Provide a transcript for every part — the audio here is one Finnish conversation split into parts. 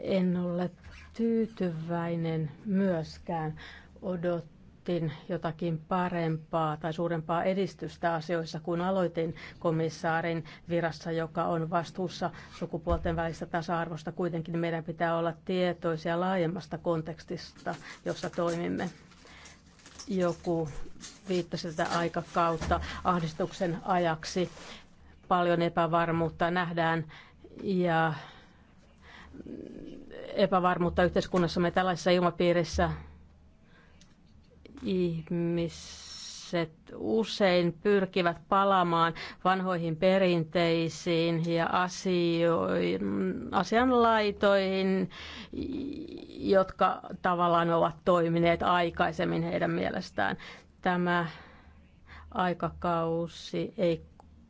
En ole tyytyväinen myöskään. odottin jotakin parempaa tai suurempaa edistystä asioissa, kun aloitin komissaarin virassa, joka on vastuussa sukupuolten välistä tasa-arvosta. Kuitenkin meidän pitää olla tietoisia laajemmasta kontekstista, jossa toimimme joku viittasi tätä aikakautta ahdistuksen ajaksi. Paljon epävarmuutta nähdään ja epävarmuutta me tällaisessa ilmapiirissä. Ihmiset usein pyrkivät palaamaan vanhoihin perinteisiin ja asianlaitoihin, jotka tavallaan ovat toimineet aikaisemmin heidän mielestään. Tämä aikakausi ei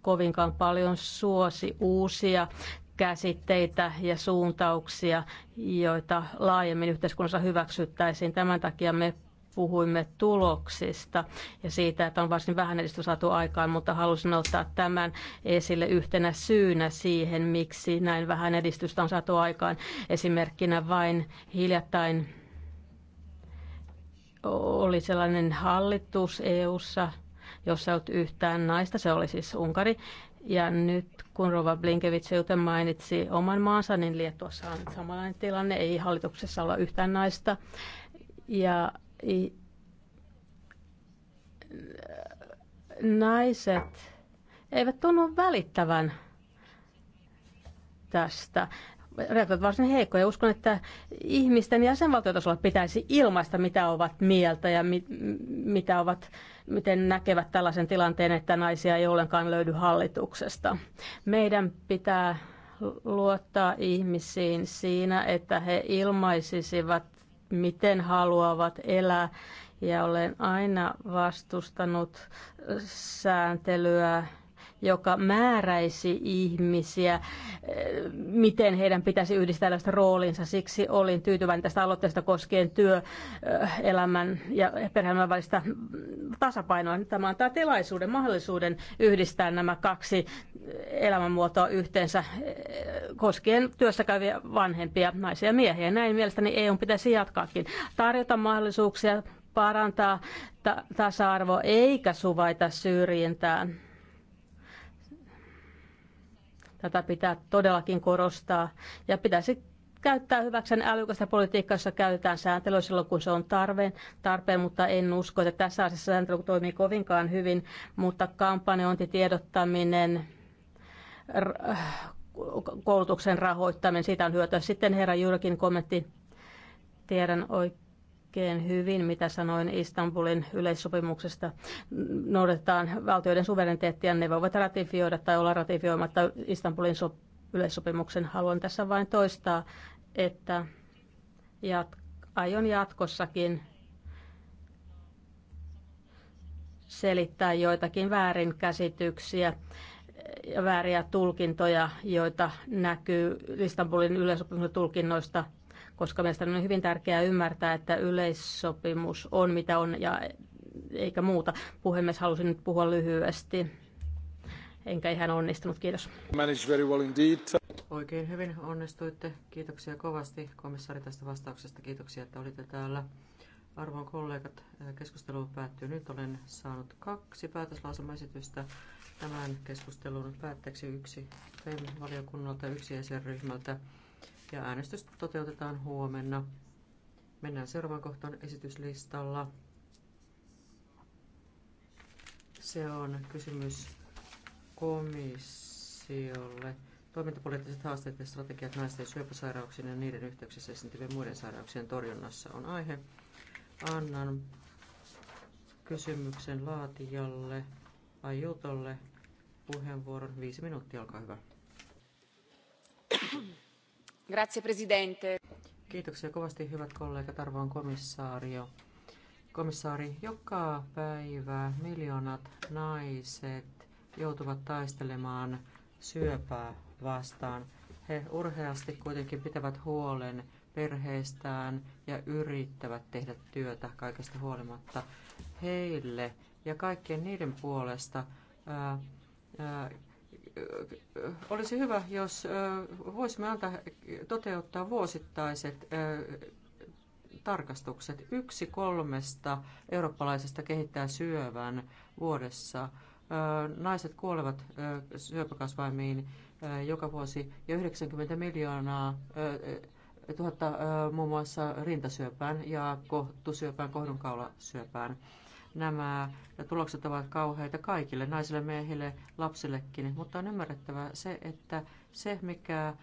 kovinkaan paljon suosi uusia käsitteitä ja suuntauksia, joita laajemmin yhteiskunnassa hyväksyttäisiin. Tämän takia me puhuimme tuloksista ja siitä, että on varsin vähän edistystä saatu aikaan, mutta halusin ottaa tämän esille yhtenä syynä siihen, miksi näin vähän edistystä on saatu aikaan. Esimerkkinä vain hiljattain oli sellainen hallitus EU:ssa, jossa ei ollut yhtään naista, se oli siis Unkari, ja nyt kun Rova Blinkevits joten mainitsi oman maansa, niin Liettuassa on samanlainen tilanne, ei hallituksessa olla yhtään naista. Ja naiset eivät tunnu välittävän tästä reagoivat varsin heikkoja. Uskon, että ihmisten jäsenvaltiotasolla pitäisi ilmaista, mitä ovat mieltä ja mi- mitä ovat, miten näkevät tällaisen tilanteen, että naisia ei ollenkaan löydy hallituksesta. Meidän pitää luottaa ihmisiin siinä, että he ilmaisisivat, miten haluavat elää. Ja olen aina vastustanut sääntelyä joka määräisi ihmisiä, eh, miten heidän pitäisi yhdistää tällaista roolinsa. Siksi olin tyytyväinen tästä aloitteesta koskien työelämän eh, ja perheelämän välistä tasapainoa. Tämä antaa tilaisuuden, mahdollisuuden yhdistää nämä kaksi eh, elämänmuotoa yhteensä koskien työssä käyviä vanhempia, naisia ja miehiä. Näin mielestäni EU pitäisi jatkaakin. Tarjota mahdollisuuksia parantaa ta- tasa-arvoa eikä suvaita syrjintään. Tätä pitää todellakin korostaa ja pitäisi käyttää hyväksen älykästä politiikkaa, jossa käytetään sääntelyä silloin, kun se on tarpeen, tarpeen mutta en usko, että tässä asiassa sääntely toimii kovinkaan hyvin, mutta kampanjointi, tiedottaminen, koulutuksen rahoittaminen, siitä on hyötyä. Sitten herra Jyrkin kommentti, tiedän oikein oikein hyvin, mitä sanoin Istanbulin yleissopimuksesta. Noudatetaan valtioiden suvereniteettia, ne voivat ratifioida tai olla ratifioimatta Istanbulin so- yleissopimuksen. Haluan tässä vain toistaa, että jat- aion jatkossakin selittää joitakin väärinkäsityksiä ja vääriä tulkintoja, joita näkyy Istanbulin yleisopimuksen tulkinnoista koska mielestäni on hyvin tärkeää ymmärtää, että yleissopimus on mitä on ja eikä muuta. Puhemies halusin nyt puhua lyhyesti. Enkä ihan onnistunut, kiitos. Oikein hyvin onnistuitte. Kiitoksia kovasti komissaari tästä vastauksesta. Kiitoksia, että olitte täällä. Arvon kollegat, keskustelu päättyy nyt. Olen saanut kaksi päätöslausumaesitystä tämän keskustelun päätteeksi yksi e valiokunnalta ja yksi jäsenryhmältä. E ja äänestys toteutetaan huomenna. Mennään seuraavaan kohtaan esityslistalla. Se on kysymys komissiolle. Toimintapoliittiset haasteet ja strategiat naisten syöpäsairauksien ja niiden yhteyksissä esiintyvien muiden sairauksien torjunnassa on aihe. Annan kysymyksen laatijalle Ajutolle puheenvuoron. Viisi minuuttia, olkaa hyvä. Grazie, presidente. Kiitoksia kovasti, hyvät kollegat, arvon komissaario. Komissaari, joka päivä miljoonat naiset joutuvat taistelemaan syöpää vastaan. He urheasti kuitenkin pitävät huolen perheestään ja yrittävät tehdä työtä kaikesta huolimatta heille ja kaikkien niiden puolesta, ää, ää, olisi hyvä, jos voisimme antaa toteuttaa vuosittaiset tarkastukset. Yksi kolmesta eurooppalaisesta kehittää syövän vuodessa. Naiset kuolevat syöpäkasvaimiin joka vuosi ja 90 miljoonaa tuhatta muun muassa rintasyöpään ja kohtusyöpään, kohdunkaulasyöpään. syöpään Nämä tulokset ovat kauheita kaikille, naisille, miehille, lapsillekin, mutta on ymmärrettävä se, että se, mikä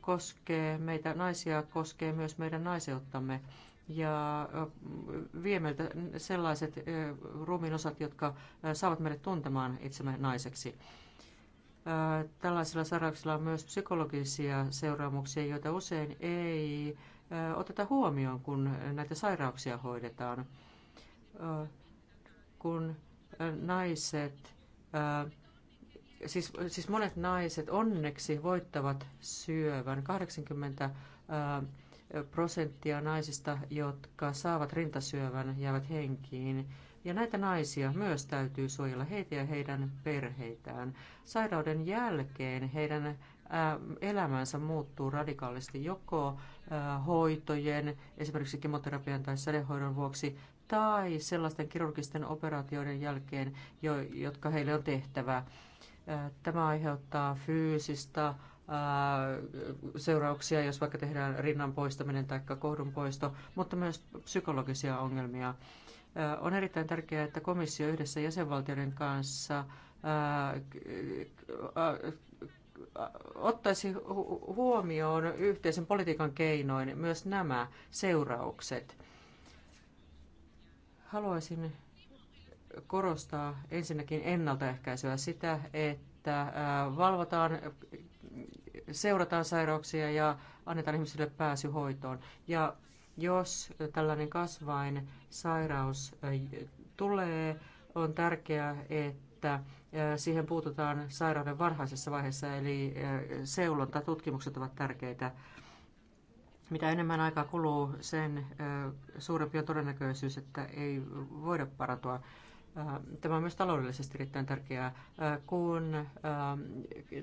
koskee meitä naisia, koskee myös meidän naiseuttamme ja vie meiltä sellaiset ruumiin osat, jotka saavat meidät tuntemaan itsemme naiseksi. Tällaisilla sairauksilla on myös psykologisia seuraamuksia, joita usein ei oteta huomioon, kun näitä sairauksia hoidetaan kun naiset, siis, siis monet naiset onneksi voittavat syövän. 80 prosenttia naisista, jotka saavat rintasyövän, jäävät henkiin. Ja näitä naisia myös täytyy suojella, heitä ja heidän perheitään. Sairauden jälkeen heidän elämänsä muuttuu radikaalisti joko hoitojen, esimerkiksi kemoterapian tai sädehoidon vuoksi, tai sellaisten kirurgisten operaatioiden jälkeen, jotka heille on tehtävä. Tämä aiheuttaa fyysistä seurauksia, jos vaikka tehdään rinnan poistaminen tai kohdun poisto, mutta myös psykologisia ongelmia. On erittäin tärkeää, että komissio yhdessä jäsenvaltioiden kanssa ottaisi huomioon yhteisen politiikan keinoin myös nämä seuraukset Haluaisin korostaa ensinnäkin ennaltaehkäisyä sitä, että valvotaan, seurataan sairauksia ja annetaan ihmisille pääsy hoitoon. Ja jos tällainen kasvain sairaus tulee, on tärkeää, että siihen puututaan sairauden varhaisessa vaiheessa, eli seulonta, tutkimukset ovat tärkeitä mitä enemmän aikaa kuluu, sen suurempi on todennäköisyys, että ei voida parantua Tämä on myös taloudellisesti erittäin tärkeää. Kun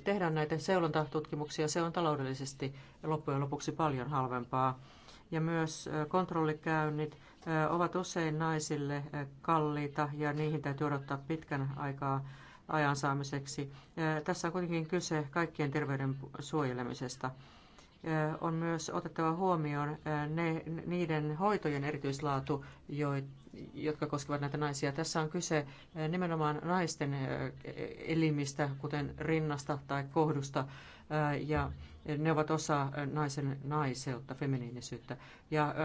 tehdään näitä seulontatutkimuksia, se on taloudellisesti loppujen lopuksi paljon halvempaa. Ja myös kontrollikäynnit ovat usein naisille kalliita ja niihin täytyy odottaa pitkän aikaa ajan saamiseksi. Tässä on kuitenkin kyse kaikkien terveyden suojelemisesta on myös otettava huomioon ne, niiden hoitojen erityislaatu, jotka koskevat näitä naisia. Tässä on kyse nimenomaan naisten elimistä, kuten rinnasta tai kohdusta, ja ne ovat osa naisen naiseutta, feminiinisyyttä. Ja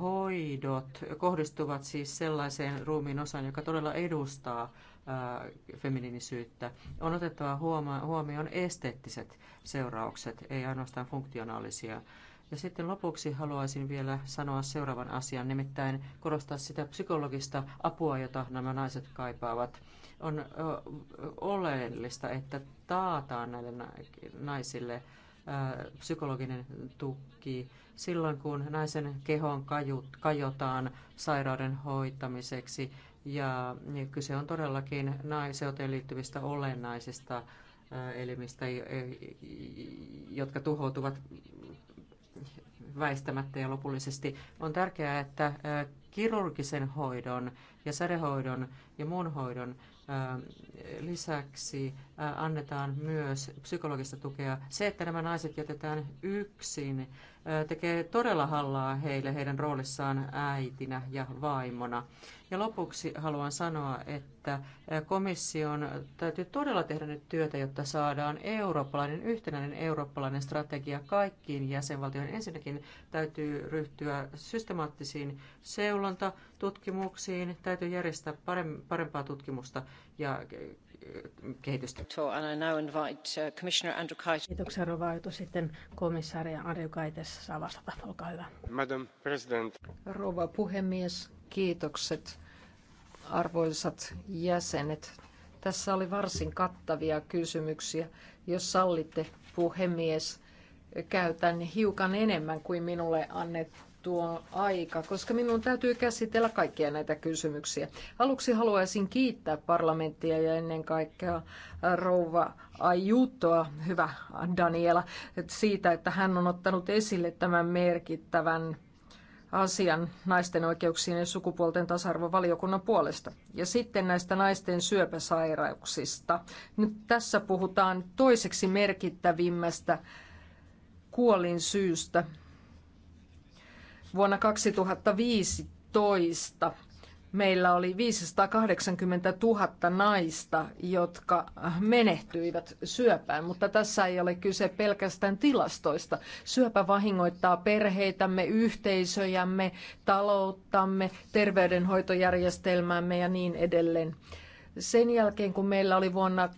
hoidot kohdistuvat siis sellaiseen ruumiin osaan, joka todella edustaa feminiinisyyttä. On otettava huomioon esteettiset seuraukset, ei ainoastaan funktionaalisia. Ja sitten lopuksi haluaisin vielä sanoa seuraavan asian, nimittäin korostaa sitä psykologista apua, jota nämä naiset kaipaavat. On oleellista, että taataan näille naisille psykologinen tuki silloin, kun naisen kehon kajotaan sairauden hoitamiseksi – ja kyse on todellakin naiseuteen liittyvistä olennaisista elimistä, jotka tuhoutuvat väistämättä ja lopullisesti. On tärkeää, että kirurgisen hoidon ja sädehoidon ja muun hoidon lisäksi annetaan myös psykologista tukea. Se, että nämä naiset jätetään yksin tekee todella hallaa heille heidän roolissaan äitinä ja vaimona. Ja lopuksi haluan sanoa, että komission täytyy todella tehdä nyt työtä, jotta saadaan eurooppalainen, yhtenäinen eurooppalainen strategia kaikkiin jäsenvaltioihin. Ensinnäkin täytyy ryhtyä systemaattisiin seulontatutkimuksiin, täytyy järjestää parempaa tutkimusta ja kehitystä. Uh, Kiitoksia Rovaito. Sitten komissaari Andrew Kaites Martinez saa vastata. Olkaa hyvä. Madam President. Rouva puhemies, kiitokset arvoisat jäsenet. Tässä oli varsin kattavia kysymyksiä. Jos sallitte, puhemies, käytän hiukan enemmän kuin minulle annettu tuo aika, koska minun täytyy käsitellä kaikkia näitä kysymyksiä. Aluksi haluaisin kiittää parlamenttia ja ennen kaikkea rouva Ajuttoa, hyvä Daniela, siitä, että hän on ottanut esille tämän merkittävän asian naisten oikeuksien ja sukupuolten tasa-arvovaliokunnan puolesta. Ja sitten näistä naisten syöpäsairauksista. Nyt tässä puhutaan toiseksi merkittävimmästä kuolinsyystä Vuonna 2015 meillä oli 580 000 naista, jotka menehtyivät syöpään, mutta tässä ei ole kyse pelkästään tilastoista. Syöpä vahingoittaa perheitämme, yhteisöjämme, talouttamme, terveydenhoitojärjestelmäämme ja niin edelleen. Sen jälkeen, kun meillä oli vuonna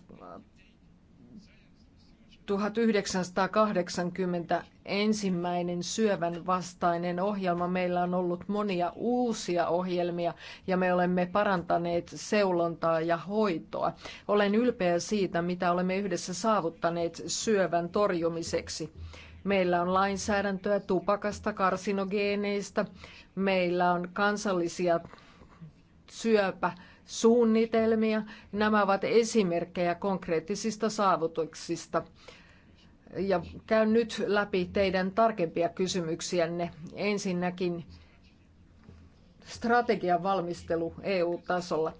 1980 ensimmäinen syövän vastainen ohjelma. Meillä on ollut monia uusia ohjelmia ja me olemme parantaneet seulontaa ja hoitoa. Olen ylpeä siitä, mitä olemme yhdessä saavuttaneet syövän torjumiseksi. Meillä on lainsäädäntöä tupakasta, karsinogeeneistä. meillä on kansallisia syöpä suunnitelmia. Nämä ovat esimerkkejä konkreettisista saavutuksista ja käyn nyt läpi teidän tarkempia kysymyksiänne. Ensinnäkin strategian valmistelu EU-tasolla.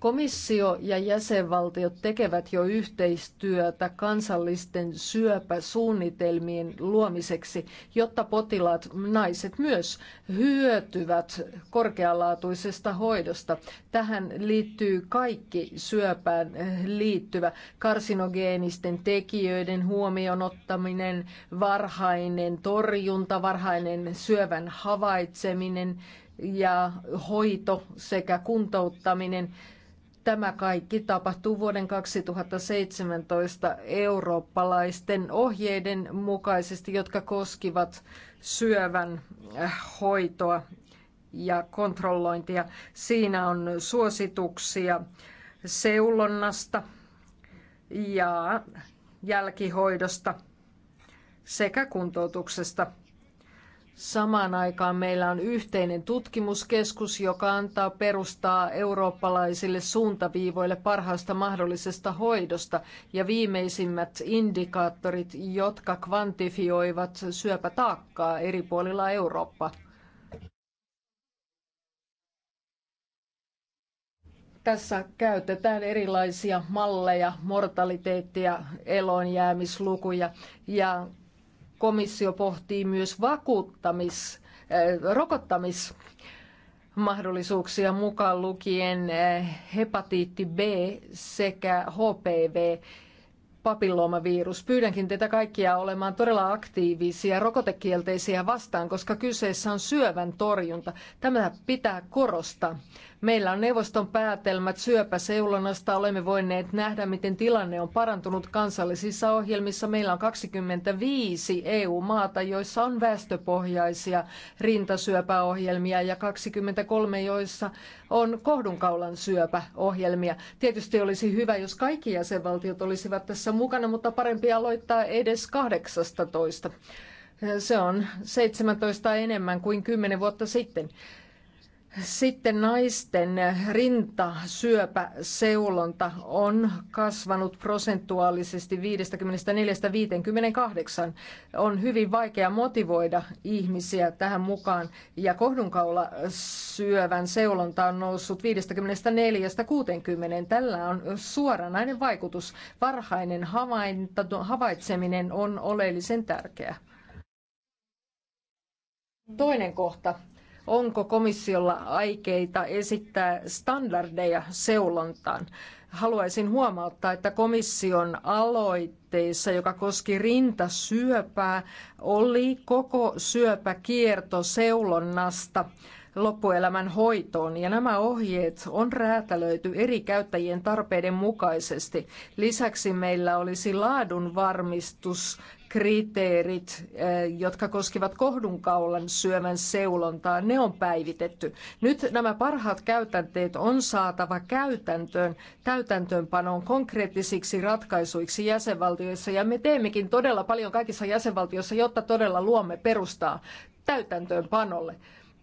Komissio ja jäsenvaltiot tekevät jo yhteistyötä kansallisten syöpäsuunnitelmien luomiseksi, jotta potilaat, naiset myös, hyötyvät korkealaatuisesta hoidosta. Tähän liittyy kaikki syöpään liittyvä karsinogeenisten tekijöiden huomioon ottaminen, varhainen torjunta, varhainen syövän havaitseminen ja hoito sekä kuntouttaminen Tämä kaikki tapahtuu vuoden 2017 eurooppalaisten ohjeiden mukaisesti, jotka koskivat syövän äh, hoitoa ja kontrollointia. Siinä on suosituksia seulonnasta ja jälkihoidosta sekä kuntoutuksesta. Samaan aikaan meillä on yhteinen tutkimuskeskus, joka antaa perustaa eurooppalaisille suuntaviivoille parhaasta mahdollisesta hoidosta ja viimeisimmät indikaattorit, jotka kvantifioivat syöpätaakkaa eri puolilla Eurooppaa. tässä käytetään erilaisia malleja, mortaliteettia, elonjäämislukuja ja komissio pohtii myös vakuuttamis, äh, rokottamis mahdollisuuksia mukaan lukien äh, hepatiitti B sekä HPV papilloomavirus. Pyydänkin teitä kaikkia olemaan todella aktiivisia rokotekielteisiä vastaan, koska kyseessä on syövän torjunta. Tämä pitää korostaa. Meillä on neuvoston päätelmät syöpäseulonnasta. Olemme voineet nähdä, miten tilanne on parantunut kansallisissa ohjelmissa. Meillä on 25 EU-maata, joissa on väestöpohjaisia rintasyöpäohjelmia ja 23, joissa on kohdunkaulan syöpäohjelmia. Tietysti olisi hyvä, jos kaikki jäsenvaltiot olisivat tässä mukana, mutta parempi aloittaa edes 18. Se on 17 enemmän kuin 10 vuotta sitten. Sitten naisten rintasyöpäseulonta on kasvanut prosentuaalisesti 54-58. On hyvin vaikea motivoida ihmisiä tähän mukaan ja kohdunkaula syövän seulonta on noussut 54-60. Tällä on suoranainen vaikutus. Varhainen havaitseminen on oleellisen tärkeää. Toinen kohta onko komissiolla aikeita esittää standardeja seulontaan. Haluaisin huomauttaa, että komission aloitteessa, joka koski rintasyöpää, oli koko syöpäkierto seulonnasta loppuelämän hoitoon ja nämä ohjeet on räätälöity eri käyttäjien tarpeiden mukaisesti. Lisäksi meillä olisi laadunvarmistus kriteerit, eh, jotka koskivat kohdunkaulan syövän seulontaa, ne on päivitetty. Nyt nämä parhaat käytänteet on saatava käytäntöön, täytäntöönpanoon konkreettisiksi ratkaisuiksi jäsenvaltioissa ja me teemmekin todella paljon kaikissa jäsenvaltioissa, jotta todella luomme perustaa täytäntöönpanolle.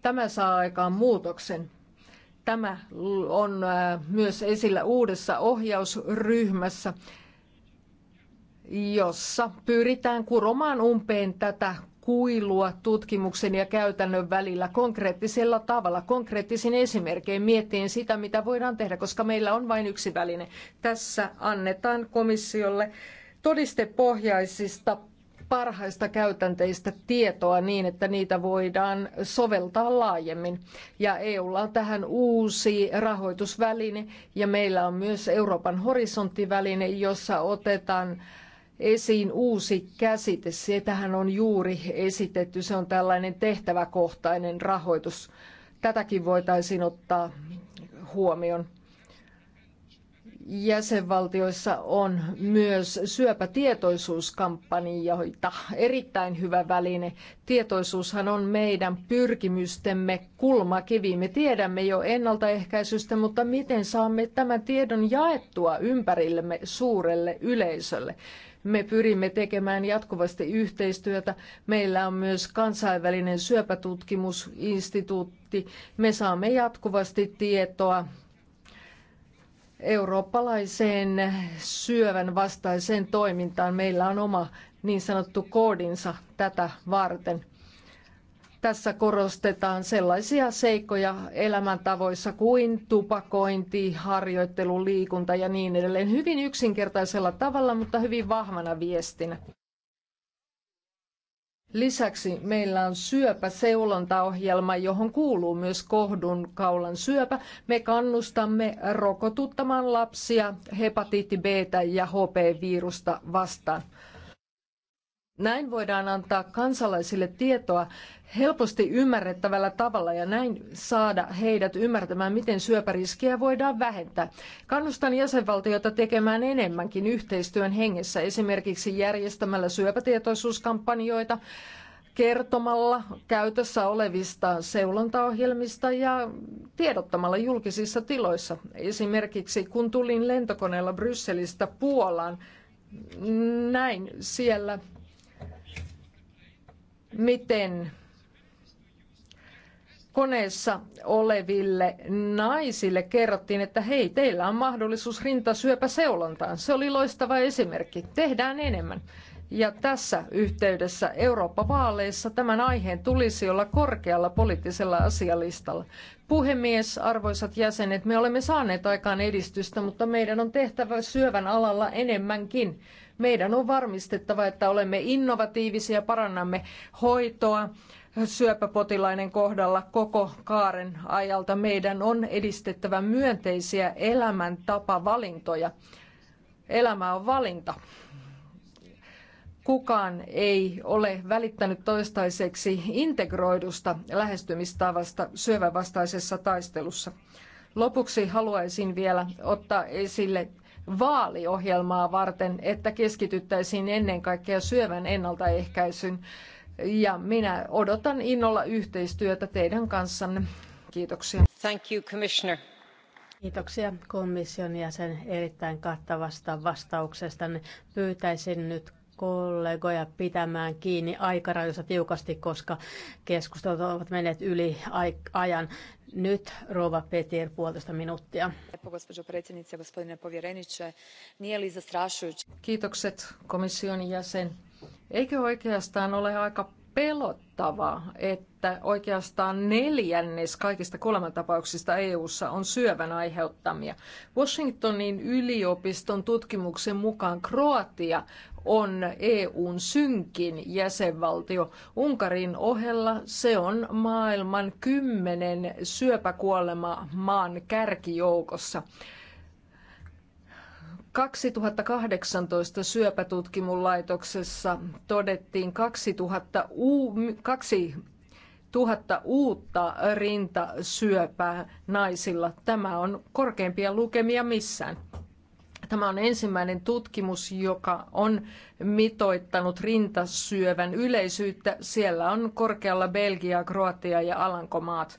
Tämä saa aikaan muutoksen. Tämä on äh, myös esillä uudessa ohjausryhmässä, jossa pyritään kuromaan umpeen tätä kuilua tutkimuksen ja käytännön välillä konkreettisella tavalla, konkreettisin esimerkkein miettien sitä, mitä voidaan tehdä, koska meillä on vain yksi väline. Tässä annetaan komissiolle todistepohjaisista parhaista käytänteistä tietoa niin, että niitä voidaan soveltaa laajemmin. Ja EUlla on tähän uusi rahoitusväline ja meillä on myös Euroopan horisonttiväline, jossa otetaan esiin uusi käsite. Sitähän on juuri esitetty. Se on tällainen tehtäväkohtainen rahoitus. Tätäkin voitaisiin ottaa huomioon jäsenvaltioissa on myös syöpätietoisuuskampanjoita. Erittäin hyvä väline. Tietoisuushan on meidän pyrkimystemme kulmakivi. Me tiedämme jo ennaltaehkäisystä, mutta miten saamme tämän tiedon jaettua ympärillemme suurelle yleisölle? Me pyrimme tekemään jatkuvasti yhteistyötä. Meillä on myös kansainvälinen syöpätutkimusinstituutti. Me saamme jatkuvasti tietoa eurooppalaiseen syövän vastaiseen toimintaan. Meillä on oma niin sanottu koodinsa tätä varten. Tässä korostetaan sellaisia seikkoja elämäntavoissa kuin tupakointi, harjoittelu, liikunta ja niin edelleen. Hyvin yksinkertaisella tavalla, mutta hyvin vahvana viestinä. Lisäksi meillä on syöpäseulontaohjelma, johon kuuluu myös kohdun kaulan syöpä. Me kannustamme rokotuttamaan lapsia hepatiitti B ja HP-virusta vastaan. Näin voidaan antaa kansalaisille tietoa helposti ymmärrettävällä tavalla ja näin saada heidät ymmärtämään, miten syöpäriskiä voidaan vähentää. Kannustan jäsenvaltioita tekemään enemmänkin yhteistyön hengessä, esimerkiksi järjestämällä syöpätietoisuuskampanjoita, kertomalla käytössä olevista seulontaohjelmista ja tiedottamalla julkisissa tiloissa. Esimerkiksi kun tulin lentokoneella Brysselistä Puolaan, näin siellä miten koneessa oleville naisille kerrottiin, että hei, teillä on mahdollisuus rintasyöpäseulontaan. Se oli loistava esimerkki. Tehdään enemmän. Ja tässä yhteydessä Eurooppa-vaaleissa tämän aiheen tulisi olla korkealla poliittisella asialistalla. Puhemies, arvoisat jäsenet, me olemme saaneet aikaan edistystä, mutta meidän on tehtävä syövän alalla enemmänkin. Meidän on varmistettava, että olemme innovatiivisia, parannamme hoitoa syöpäpotilaiden kohdalla koko kaaren ajalta. Meidän on edistettävä myönteisiä elämäntapavalintoja. Elämä on valinta kukaan ei ole välittänyt toistaiseksi integroidusta lähestymistavasta vastaisessa taistelussa. Lopuksi haluaisin vielä ottaa esille vaaliohjelmaa varten, että keskityttäisiin ennen kaikkea syövän ennaltaehkäisyn. Ja minä odotan innolla yhteistyötä teidän kanssanne. Kiitoksia. Thank you, Commissioner. Kiitoksia komission jäsen erittäin kattavasta vastauksesta. Pyytäisin nyt kollegoja pitämään kiinni aikarajoissa tiukasti, koska keskustelut ovat menneet yli ajan. Nyt Rova Petir puolitoista minuuttia. Kiitokset komission jäsen. Eikö oikeastaan ole aika Pelottava, että oikeastaan neljännes kaikista kuolemantapauksista EU:ssa on syövän aiheuttamia. Washingtonin yliopiston tutkimuksen mukaan Kroatia on EUn synkin jäsenvaltio. Unkarin ohella se on maailman kymmenen syöpäkuolema maan kärkijoukossa. 2018 syöpätutkimulaitoksessa todettiin 2000, u, 2000 uutta rintasyöpää naisilla. Tämä on korkeimpia lukemia missään. Tämä on ensimmäinen tutkimus, joka on mitoittanut rintasyövän yleisyyttä. Siellä on korkealla Belgia, Kroatia ja Alankomaat.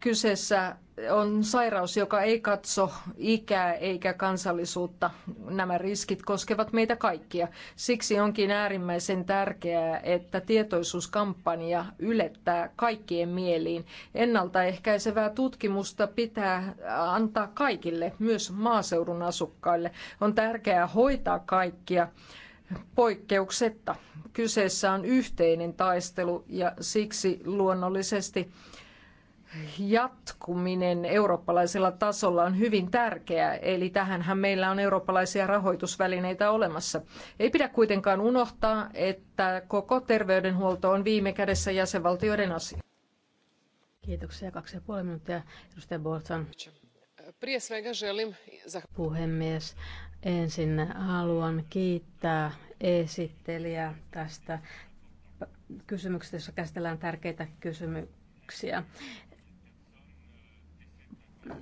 Kyseessä on sairaus, joka ei katso ikää eikä kansallisuutta. Nämä riskit koskevat meitä kaikkia. Siksi onkin äärimmäisen tärkeää, että tietoisuuskampanja ylettää kaikkien mieliin. Ennaltaehkäisevää tutkimusta pitää antaa kaikille, myös maaseudun asukkaille. On tärkeää hoitaa kaikkia poikkeuksetta. Kyseessä on yhteinen taistelu ja siksi luonnollisesti jatkuminen eurooppalaisella tasolla on hyvin tärkeää, eli tähänhän meillä on eurooppalaisia rahoitusvälineitä olemassa. Ei pidä kuitenkaan unohtaa, että koko terveydenhuolto on viime kädessä jäsenvaltioiden asia. Kiitoksia. Kaksi ja puoli minuuttia. Edustaja Boltsan. Puhemies, ensin haluan kiittää esittelijää tästä kysymyksestä, jossa käsitellään tärkeitä kysymyksiä. 1,3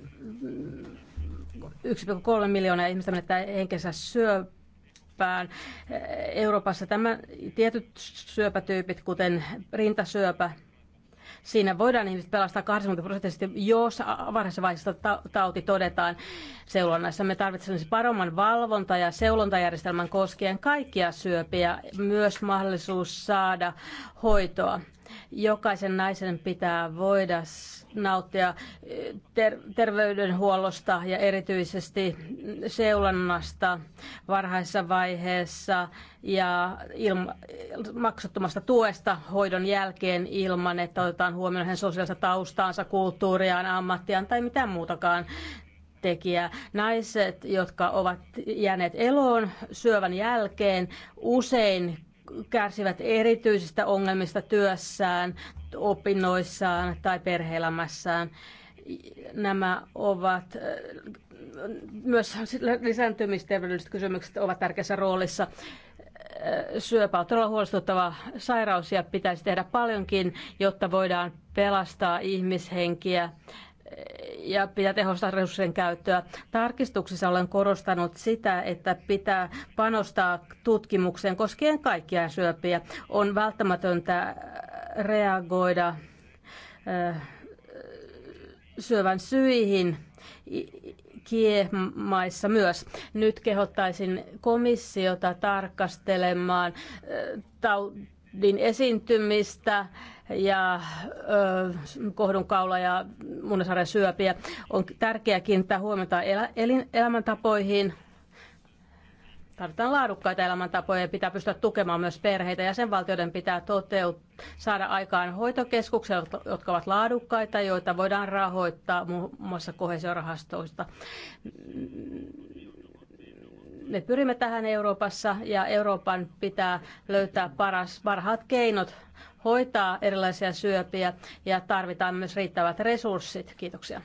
miljoonaa ihmistä menettää henkensä syöpään. Euroopassa tämä, tietyt syöpätyypit, kuten rintasyöpä, siinä voidaan ihmiset pelastaa 80 prosenttisesti, jos varhaisessa tauti todetaan seulonnassa. Me tarvitsemme siis paremman valvonta- ja seulontajärjestelmän koskien kaikkia syöpiä, myös mahdollisuus saada hoitoa. Jokaisen naisen pitää voida nauttia eh, ter- terveydenhuollosta ja erityisesti seulonnasta varhaisessa vaiheessa ja ilma- maksuttomasta tuesta hoidon jälkeen ilman, että otetaan huomioon hänen sosiaalista taustaansa, kulttuuriaan, ammattiaan tai mitään muutakaan Tekijä. Naiset, jotka ovat jääneet eloon syövän jälkeen, usein kärsivät erityisistä ongelmista työssään, opinnoissaan tai perheelämässään. Nämä ovat äh, myös lisääntymisterveydelliset kysymykset ovat tärkeässä roolissa. Äh, syöpä on todella huolestuttava sairaus ja pitäisi tehdä paljonkin, jotta voidaan pelastaa ihmishenkiä ja pitää tehostaa resurssien käyttöä. Tarkistuksissa olen korostanut sitä, että pitää panostaa tutkimukseen koskien kaikkia syöpiä. On välttämätöntä äh, reagoida äh, syövän syihin kiemaissa myös. Nyt kehottaisin komissiota tarkastelemaan äh, taudin esiintymistä ja kohdunkaula ja munasarjan syöpiä. On tärkeää kiinnittää huomiota elämäntapoihin, Tarvitaan laadukkaita elämäntapoja ja pitää pystyä tukemaan myös perheitä. Jäsenvaltioiden pitää toteut- saada aikaan hoitokeskuksia, jotka ovat laadukkaita, joita voidaan rahoittaa muun muassa kohesiorahastoista. Me pyrimme tähän Euroopassa ja Euroopan pitää löytää paras, parhaat keinot hoitaa erilaisia syöpiä ja tarvitaan myös riittävät resurssit. Kiitoksia.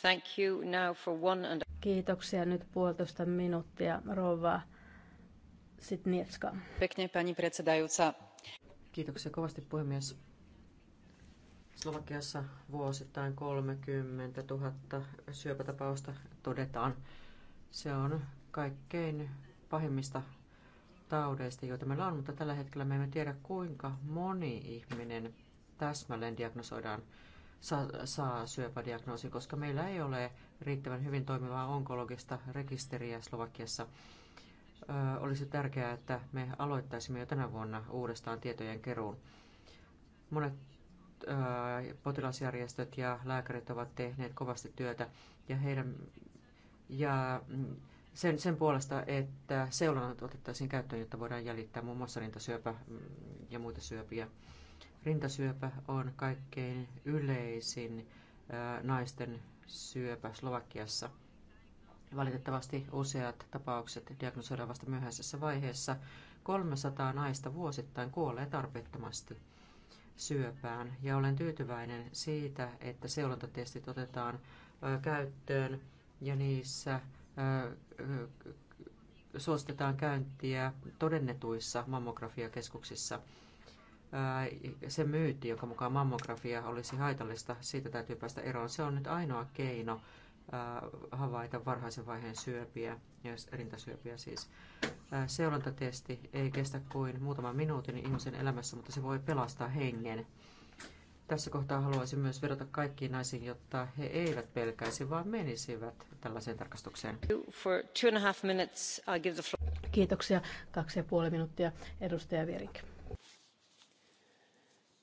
Thank you now for one and... Kiitoksia nyt puolitoista minuuttia, rouva Sitnietska. Kiitoksia kovasti puhemies. Slovakiassa vuosittain 30 000 syöpätapausta todetaan. Se on kaikkein pahimmista taudeista, joita meillä on, mutta tällä hetkellä me emme tiedä, kuinka moni ihminen täsmälleen diagnosoidaan saa, saa syöpädiagnoosin, koska meillä ei ole riittävän hyvin toimivaa onkologista rekisteriä Slovakiassa. Ö, olisi tärkeää, että me aloittaisimme jo tänä vuonna uudestaan tietojen keruun. Monet ö, potilasjärjestöt ja lääkärit ovat tehneet kovasti työtä ja heidän ja mm, sen, sen puolesta, että seulonnat otettaisiin käyttöön, jotta voidaan jäljittää muun muassa rintasyöpä mm, ja muita syöpiä. Rintasyöpä on kaikkein yleisin naisten syöpä Slovakiassa. Valitettavasti useat tapaukset diagnosoidaan vasta myöhäisessä vaiheessa. 300 naista vuosittain kuolee tarpeettomasti syöpään ja olen tyytyväinen siitä, että seulontatestit otetaan käyttöön ja niissä suostetaan käyntiä todennetuissa mammografiakeskuksissa. Se myytti, joka mukaan mammografia olisi haitallista, siitä täytyy päästä eroon. Se on nyt ainoa keino havaita varhaisen vaiheen syöpiä, rintasyöpiä siis. Seulontatesti ei kestä kuin muutaman minuutin ihmisen elämässä, mutta se voi pelastaa hengen. Tässä kohtaa haluaisin myös vedota kaikkiin naisiin, jotta he eivät pelkäisi, vaan menisivät tällaiseen tarkastukseen. For two and a half minutes, I'll give the floor. Kiitoksia. Kaksi ja puoli minuuttia. Edustaja Vierink.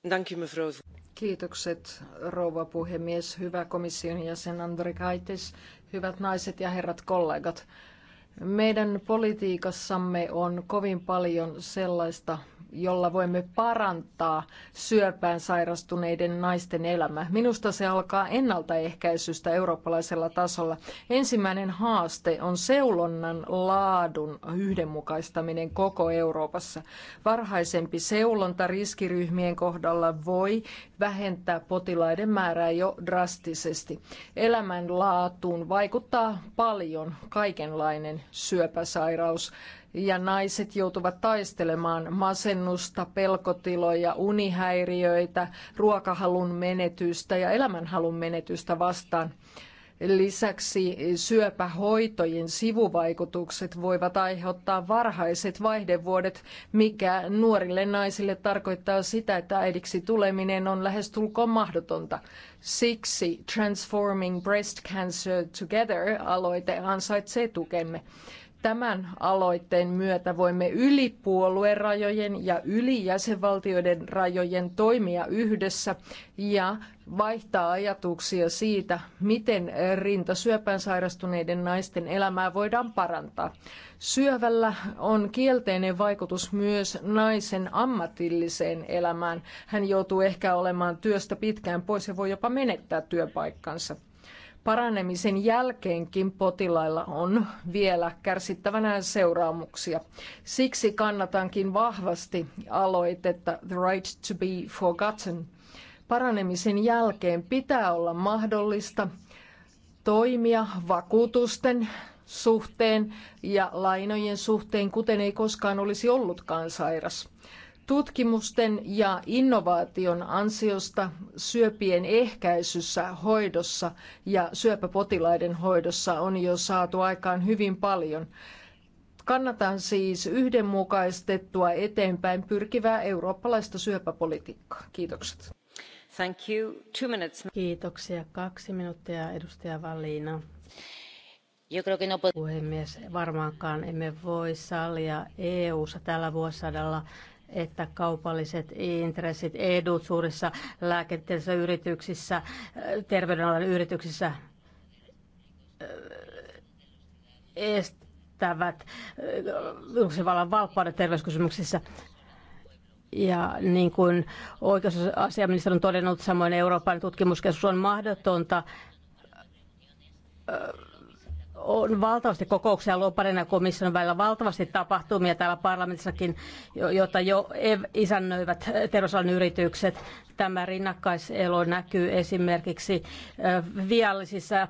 Thank you, mevrouw. Kiitokset, rouva puhemies, hyvä komission jäsen Andri Kaitis, hyvät naiset ja herrat kollegat. Meidän politiikassamme on kovin paljon sellaista, jolla voimme parantaa syöpään sairastuneiden naisten elämää. Minusta se alkaa ennaltaehkäisystä eurooppalaisella tasolla. Ensimmäinen haaste on seulonnan laadun yhdenmukaistaminen koko Euroopassa. Varhaisempi seulonta riskiryhmien kohdalla voi vähentää potilaiden määrää jo drastisesti. Elämänlaatuun vaikuttaa paljon kaikenlainen syöpäsairaus ja naiset joutuvat taistelemaan masennusta, pelkotiloja, unihäiriöitä, ruokahalun menetystä ja elämänhalun menetystä vastaan. Lisäksi syöpähoitojen sivuvaikutukset voivat aiheuttaa varhaiset vaihdevuodet, mikä nuorille naisille tarkoittaa sitä, että äidiksi tuleminen on lähestulkoon mahdotonta. Siksi Transforming Breast Cancer Together-aloite ansaitsee tukemme. Tämän aloitteen myötä voimme yli puoluerajojen ja yli jäsenvaltioiden rajojen toimia yhdessä ja vaihtaa ajatuksia siitä, miten rintasyöpään sairastuneiden naisten elämää voidaan parantaa. Syövällä on kielteinen vaikutus myös naisen ammatilliseen elämään. Hän joutuu ehkä olemaan työstä pitkään pois ja voi jopa menettää työpaikkansa. Paranemisen jälkeenkin potilailla on vielä kärsittävänään seuraamuksia. Siksi kannatankin vahvasti aloitetta The Right to be Forgotten. Paranemisen jälkeen pitää olla mahdollista toimia vakuutusten suhteen ja lainojen suhteen, kuten ei koskaan olisi ollutkaan sairas. Tutkimusten ja innovaation ansiosta syöpien ehkäisyssä, hoidossa ja syöpäpotilaiden hoidossa on jo saatu aikaan hyvin paljon. Kannatan siis yhdenmukaistettua eteenpäin pyrkivää eurooppalaista syöpäpolitiikkaa. Kiitokset. Thank you. Two minutes. Kiitoksia. Kaksi minuuttia, edustaja Valliina. No Puhemies, varmaankaan emme voi sallia EU-ssa tällä vuosisadalla että kaupalliset intressit, edut suurissa lääketieteellisissä yrityksissä, terveydenalan yrityksissä estävät julkisen vallan valppauden terveyskysymyksissä. Ja niin kuin oikeusasiaministeri on todennut, samoin Euroopan tutkimuskeskus on mahdotonta on valtavasti kokouksia lobbarin ja komission välillä, valtavasti tapahtumia täällä parlamentissakin, jota jo isännöivät terveysalan yritykset. Tämä rinnakkaiselo näkyy esimerkiksi viallisissa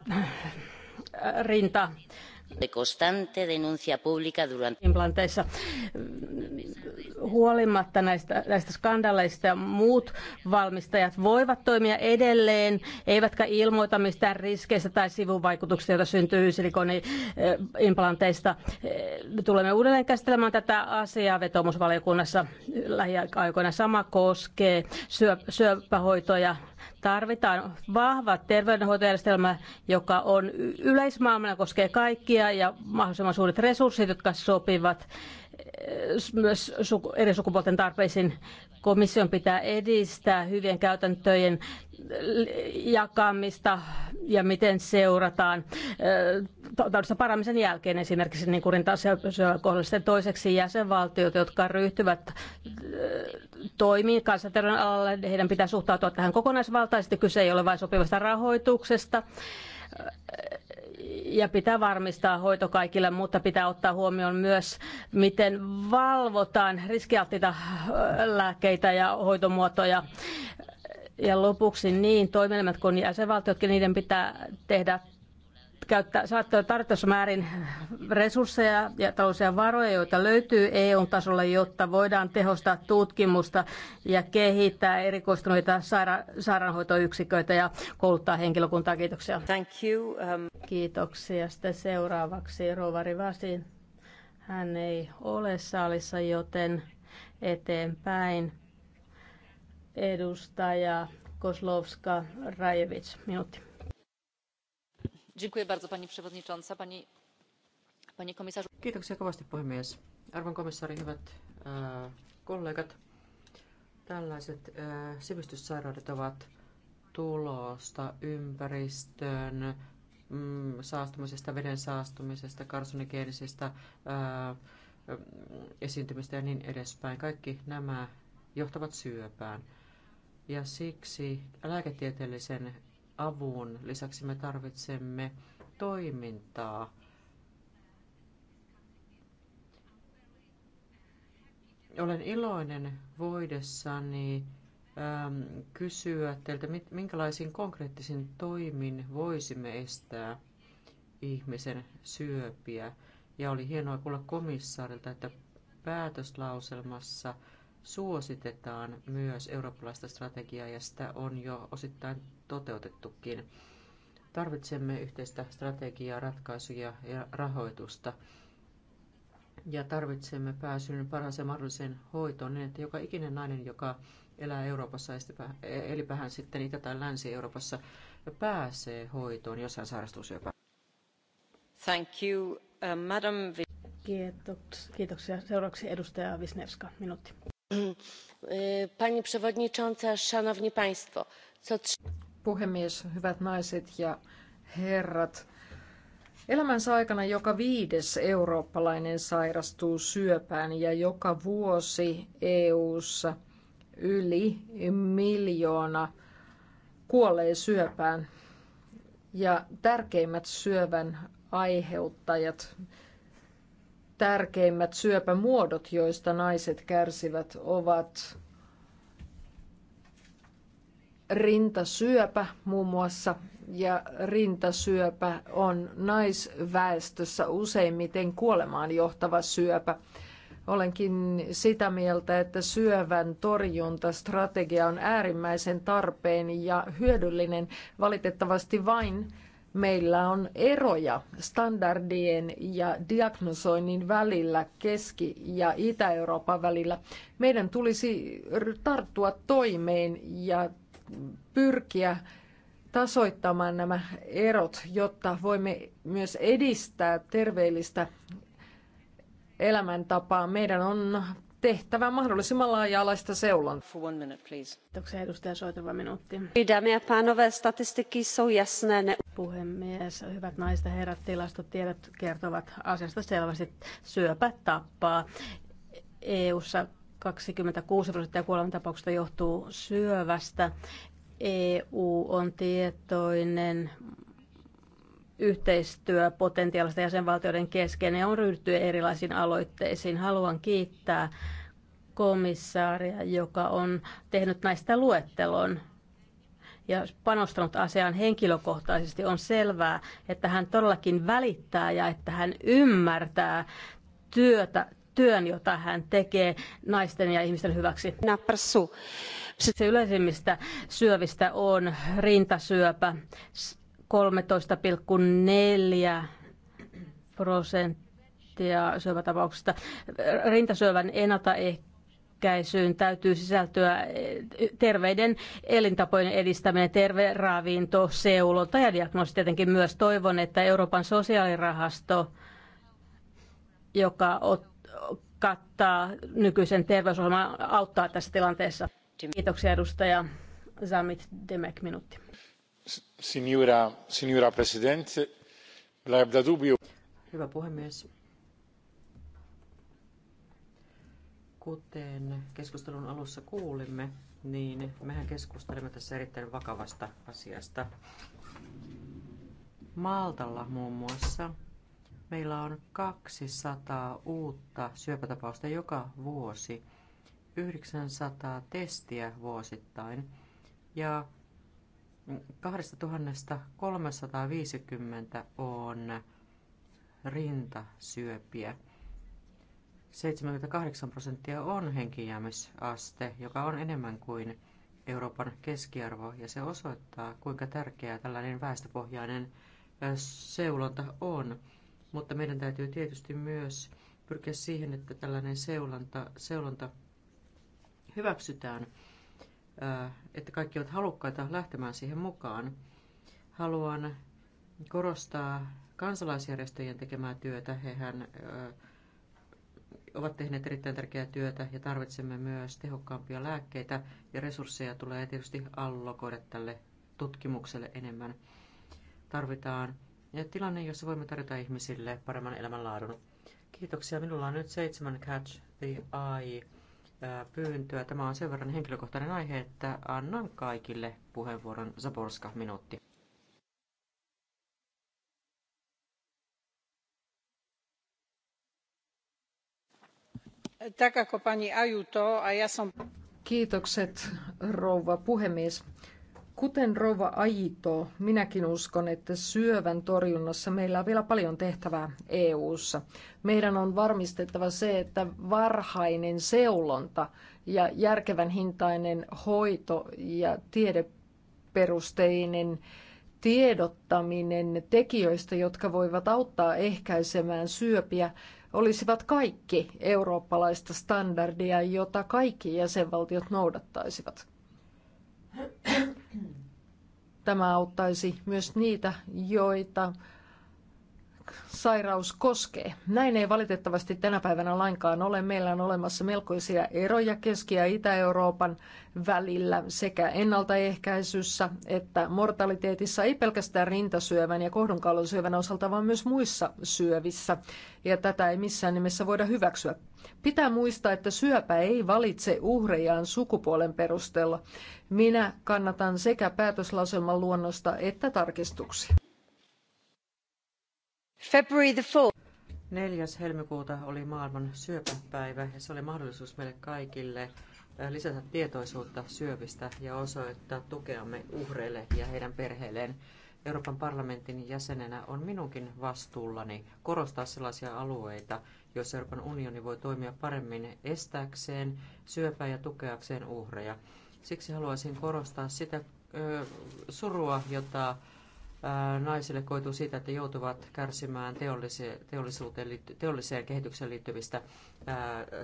rinta Implanteissa huolimatta näistä, näistä skandaleista muut valmistajat voivat toimia edelleen, eivätkä ilmoita mistään riskeistä tai sivuvaikutuksista, joita syntyy silikoniimplanteista. Tulemme uudelleen käsittelemään tätä asiaa vetomusvaliokunnassa lähiaikoina. Sama koskee syöpähoitoja Tarvitaan vahva terveydenhoitojärjestelmä, joka on yleismaailmana, koskee kaikkia ja mahdollisimman suuret resurssit, jotka sopivat eh, myös eri sukupuolten tarpeisiin. Komission pitää edistää hyvien käytäntöjen jakamista ja miten seurataan eh, taloudessa paramisen jälkeen esimerkiksi niin kuin kohdalla. Sitten toiseksi jäsenvaltiot, jotka ryhtyvät eh, toimiin kansanterveyden alalla, heidän pitää suhtautua tähän kokonaisvaltaisesti. Kyse ei ole vain sopivasta rahoituksesta eh, ja pitää varmistaa hoito kaikille, mutta pitää ottaa huomioon myös, miten valvotaan riskialttiita äh, lääkkeitä ja hoitomuotoja. Ja lopuksi niin toimielimet kuin jäsenvaltiotkin, niiden pitää tehdä käyttää, saattaa tarvittavassa määrin resursseja ja taloudellisia varoja, joita löytyy EU-tasolla, jotta voidaan tehostaa tutkimusta ja kehittää erikoistuneita saira- sairaanhoitoyksiköitä ja kouluttaa henkilökuntaa. Kiitoksia. Thank you. Um... Kiitoksia. Sitten seuraavaksi Rovari Vasi. Hän ei ole saalissa, joten eteenpäin edustaja Koslovska Rajevic. Minuutti pani przewodnicząca! komisarzu. Kiitoksia kovasti puhemies. Arvon komissaari, hyvät äh, kollegat. Tällaiset äh, sivistyssairaudet ovat tulosta ympäristön mm, saastumisesta, veden saastumisesta, karsinogeenisistä äh, esiintymistä ja niin edespäin. Kaikki nämä johtavat syöpään. Ja siksi lääketieteellisen avun lisäksi me tarvitsemme toimintaa. Olen iloinen voidessani ähm, kysyä teiltä, minkälaisiin konkreettisiin toimin voisimme estää ihmisen syöpiä. Ja oli hienoa kuulla komissaarilta, että päätöslauselmassa – suositetaan myös eurooppalaista strategiaa ja sitä on jo osittain toteutettukin. Tarvitsemme yhteistä strategiaa, ratkaisuja ja rahoitusta ja tarvitsemme pääsyn parhaaseen mahdolliseen hoitoon niin, että joka ikinen nainen, joka elää Euroopassa, e- eli vähän sitten Itä- tai Länsi-Euroopassa, pääsee hoitoon, jos hän sairastuu syöpään. Thank you, uh, Madam Kiitoksia. Seuraavaksi edustaja Visnevska, minuutti. Puhemies, hyvät naiset ja herrat. Elämänsä aikana joka viides eurooppalainen sairastuu syöpään ja joka vuosi EU:ssa yli miljoona kuolee syöpään. Ja tärkeimmät syövän aiheuttajat tärkeimmät syöpämuodot, joista naiset kärsivät, ovat rintasyöpä muun muassa. Ja rintasyöpä on naisväestössä useimmiten kuolemaan johtava syöpä. Olenkin sitä mieltä, että syövän torjuntastrategia on äärimmäisen tarpeen ja hyödyllinen. Valitettavasti vain meillä on eroja standardien ja diagnosoinnin välillä Keski- ja Itä-Euroopan välillä. Meidän tulisi tarttua toimeen ja pyrkiä tasoittamaan nämä erot, jotta voimme myös edistää terveellistä elämäntapaa. Meidän on tehtävä mahdollisimman laaja-alaista seulontaa. Kiitoksia edustaja Soitava minuutti. Dámy a Puhemies, hyvät naiset ja herrat, tilastotiedot kertovat asiasta selvästi. Syöpä tappaa. EU-ssa 26 prosenttia kuolemantapauksista johtuu syövästä. EU on tietoinen yhteistyö jäsenvaltioiden kesken ja on ryhdytty erilaisiin aloitteisiin. Haluan kiittää komissaaria, joka on tehnyt näistä luettelon ja panostanut asiaan henkilökohtaisesti, on selvää, että hän todellakin välittää ja että hän ymmärtää työtä, työn, jota hän tekee naisten ja ihmisten hyväksi. Se yleisimmistä syövistä on rintasyöpä, 13,4 prosenttia syöpätapauksista. Rintasyövän ennaltaehkäisyyn täytyy sisältyä eh, terveiden elintapojen edistäminen, terve ravinto, seulonta ja diagnoosi tietenkin myös. Toivon, että Euroopan sosiaalirahasto, joka kattaa nykyisen terveysohjelman, auttaa tässä tilanteessa. Kiitoksia edustaja Zamit Demek, minuutti arvoisa signora Hyvä puhemies. Kuten keskustelun alussa kuulimme, niin mehän keskustelemme tässä erittäin vakavasta asiasta. Maltalla muun muassa meillä on 200 uutta syöpätapausta joka vuosi, 900 testiä vuosittain ja 2350 on rintasyöpiä. 78 prosenttia on henkijäämisaste, joka on enemmän kuin Euroopan keskiarvo, ja se osoittaa, kuinka tärkeää tällainen väestöpohjainen seulonta on. Mutta meidän täytyy tietysti myös pyrkiä siihen, että tällainen seulonta, seulonta hyväksytään Äh, että kaikki ovat halukkaita lähtemään siihen mukaan. Haluan korostaa kansalaisjärjestöjen tekemää työtä. Hehän äh, ovat tehneet erittäin tärkeää työtä ja tarvitsemme myös tehokkaampia lääkkeitä ja resursseja tulee tietysti allokoida tälle tutkimukselle enemmän. Tarvitaan ja tilanne, jossa voimme tarjota ihmisille paremman elämänlaadun. Kiitoksia. Minulla on nyt seitsemän Catch the Eye Äh, pyyntöä. Tämä on sen verran henkilökohtainen aihe, että annan kaikille puheenvuoron Zaborska minuutti. Kiitokset, rouva puhemies. Kuten Rova Aito, minäkin uskon, että syövän torjunnassa meillä on vielä paljon tehtävää EU:ssa. Meidän on varmistettava se, että varhainen seulonta ja järkevän hintainen hoito ja tiedeperusteinen tiedottaminen tekijöistä, jotka voivat auttaa ehkäisemään syöpiä, olisivat kaikki eurooppalaista standardia, jota kaikki jäsenvaltiot noudattaisivat. Tämä auttaisi myös niitä, joita sairaus koskee. Näin ei valitettavasti tänä päivänä lainkaan ole. Meillä on olemassa melkoisia eroja Keski- ja Itä-Euroopan välillä sekä ennaltaehkäisyssä että mortaliteetissa, ei pelkästään rintasyövän ja kohdunkaulan syövän osalta, vaan myös muissa syövissä. Ja tätä ei missään nimessä voida hyväksyä. Pitää muistaa, että syöpä ei valitse uhrejaan sukupuolen perusteella. Minä kannatan sekä päätöslauselman luonnosta että tarkistuksia. February the 4 4. helmikuuta oli maailman syöpäpäivä ja se oli mahdollisuus meille kaikille äh, lisätä tietoisuutta syövistä ja osoittaa tukeamme uhreille ja heidän perheilleen. Euroopan parlamentin jäsenenä on minunkin vastuullani korostaa sellaisia alueita, joissa Euroopan unioni voi toimia paremmin estääkseen syöpää ja tukeakseen uhreja. Siksi haluaisin korostaa sitä ö, äh, surua, jota naisille koituu siitä, että joutuvat kärsimään teollisuuteen, teolliseen kehitykseen liittyvistä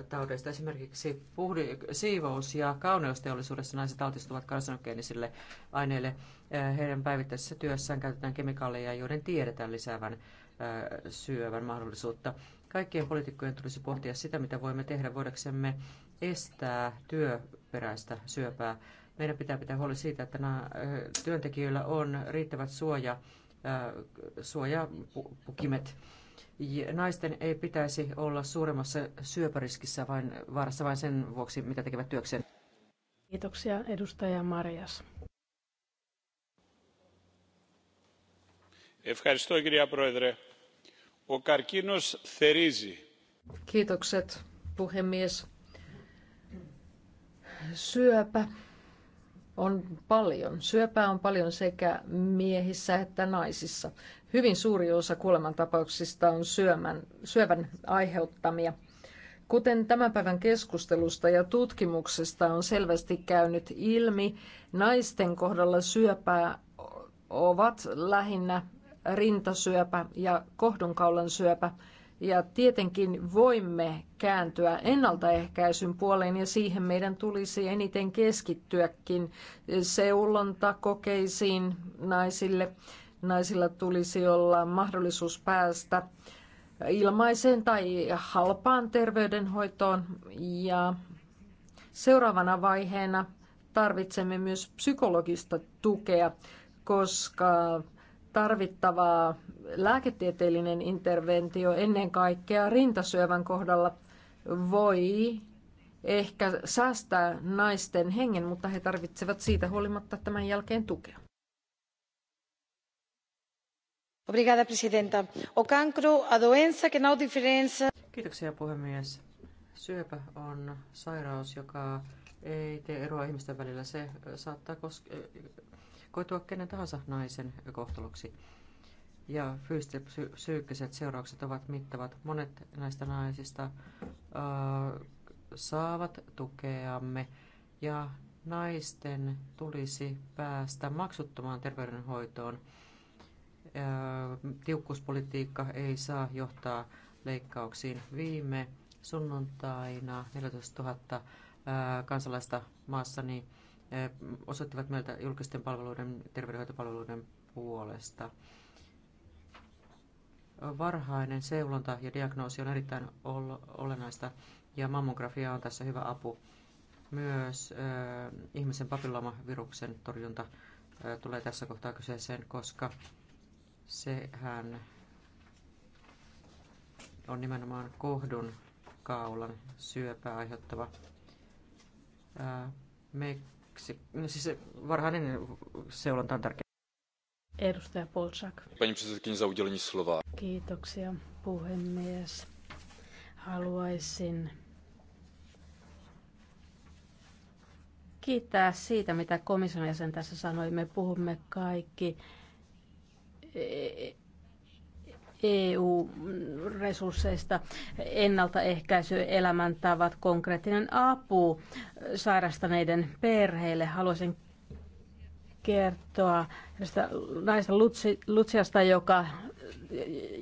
taudeista. Esimerkiksi puhdi, siivous- ja kauneusteollisuudessa naiset altistuvat karsinogeenisille aineille. Heidän päivittäisessä työssään käytetään kemikaaleja, joiden tiedetään lisäävän syövän mahdollisuutta. Kaikkien poliitikkojen tulisi pohtia sitä, mitä voimme tehdä voidaksemme estää työperäistä syöpää. Meidän pitää pitää huoli siitä, että nämä työntekijöillä on riittävät suoja, suojapukimet. Naisten ei pitäisi olla suuremmassa syöpäriskissä vain, vaarassa vain sen vuoksi, mitä tekevät työkseen. Kiitoksia edustaja Marjas. Ευχαριστώ κυρία Πρόεδρε. Ο καρκίνος θερίζει. Kiitokset, puhemies. Syöpä on paljon. Syöpää on paljon sekä miehissä että naisissa. Hyvin suuri osa kuolemantapauksista on syömän, syövän aiheuttamia. Kuten tämän päivän keskustelusta ja tutkimuksesta on selvästi käynyt ilmi, naisten kohdalla syöpää ovat lähinnä rintasyöpä ja kohdunkaulan syöpä, ja tietenkin voimme kääntyä ennaltaehkäisyn puoleen ja siihen meidän tulisi eniten keskittyäkin seulontakokeisiin naisille. Naisilla tulisi olla mahdollisuus päästä ilmaiseen tai halpaan terveydenhoitoon ja seuraavana vaiheena tarvitsemme myös psykologista tukea, koska tarvittavaa lääketieteellinen interventio ennen kaikkea rintasyövän kohdalla voi ehkä säästää naisten hengen, mutta he tarvitsevat siitä huolimatta tämän jälkeen tukea. Obrigada, presidenta. O cancro, a doença que não diferença... Kiitoksia, puhemies. Syöpä on sairaus, joka ei tee eroa ihmisten välillä. Se saattaa koske- koitua kenen tahansa naisen kohtaloksi ja fyysiset psy- psyykkiset seuraukset ovat mittavat. Monet näistä naisista äh, saavat tukeamme ja naisten tulisi päästä maksuttomaan terveydenhoitoon. Äh, tiukkuuspolitiikka ei saa johtaa leikkauksiin. Viime sunnuntaina 14 000 äh, kansalaista maassani äh, osoittivat meiltä julkisten palveluiden, terveydenhoitopalveluiden puolesta varhainen seulonta ja diagnoosi on erittäin olennaista ja mammografia on tässä hyvä apu. Myös ihmisen papillomaviruksen torjunta tulee tässä kohtaa kyseeseen, koska sehän on nimenomaan kohdun kaulan syöpää aiheuttava Äh, meksi, no siis varhainen seulonta on tärkeä. Edustaja Polsak. Pani Przewodniczący, za udělení slova. Kiitoksia puhemies. Haluaisin kiittää siitä, mitä komission jäsen tässä sanoi. Me puhumme kaikki EU-resursseista, ennaltaehkäisy, elämäntavat, konkreettinen apu sairastaneiden perheille. Haluaisin kertoa naista Lutsiasta, joka,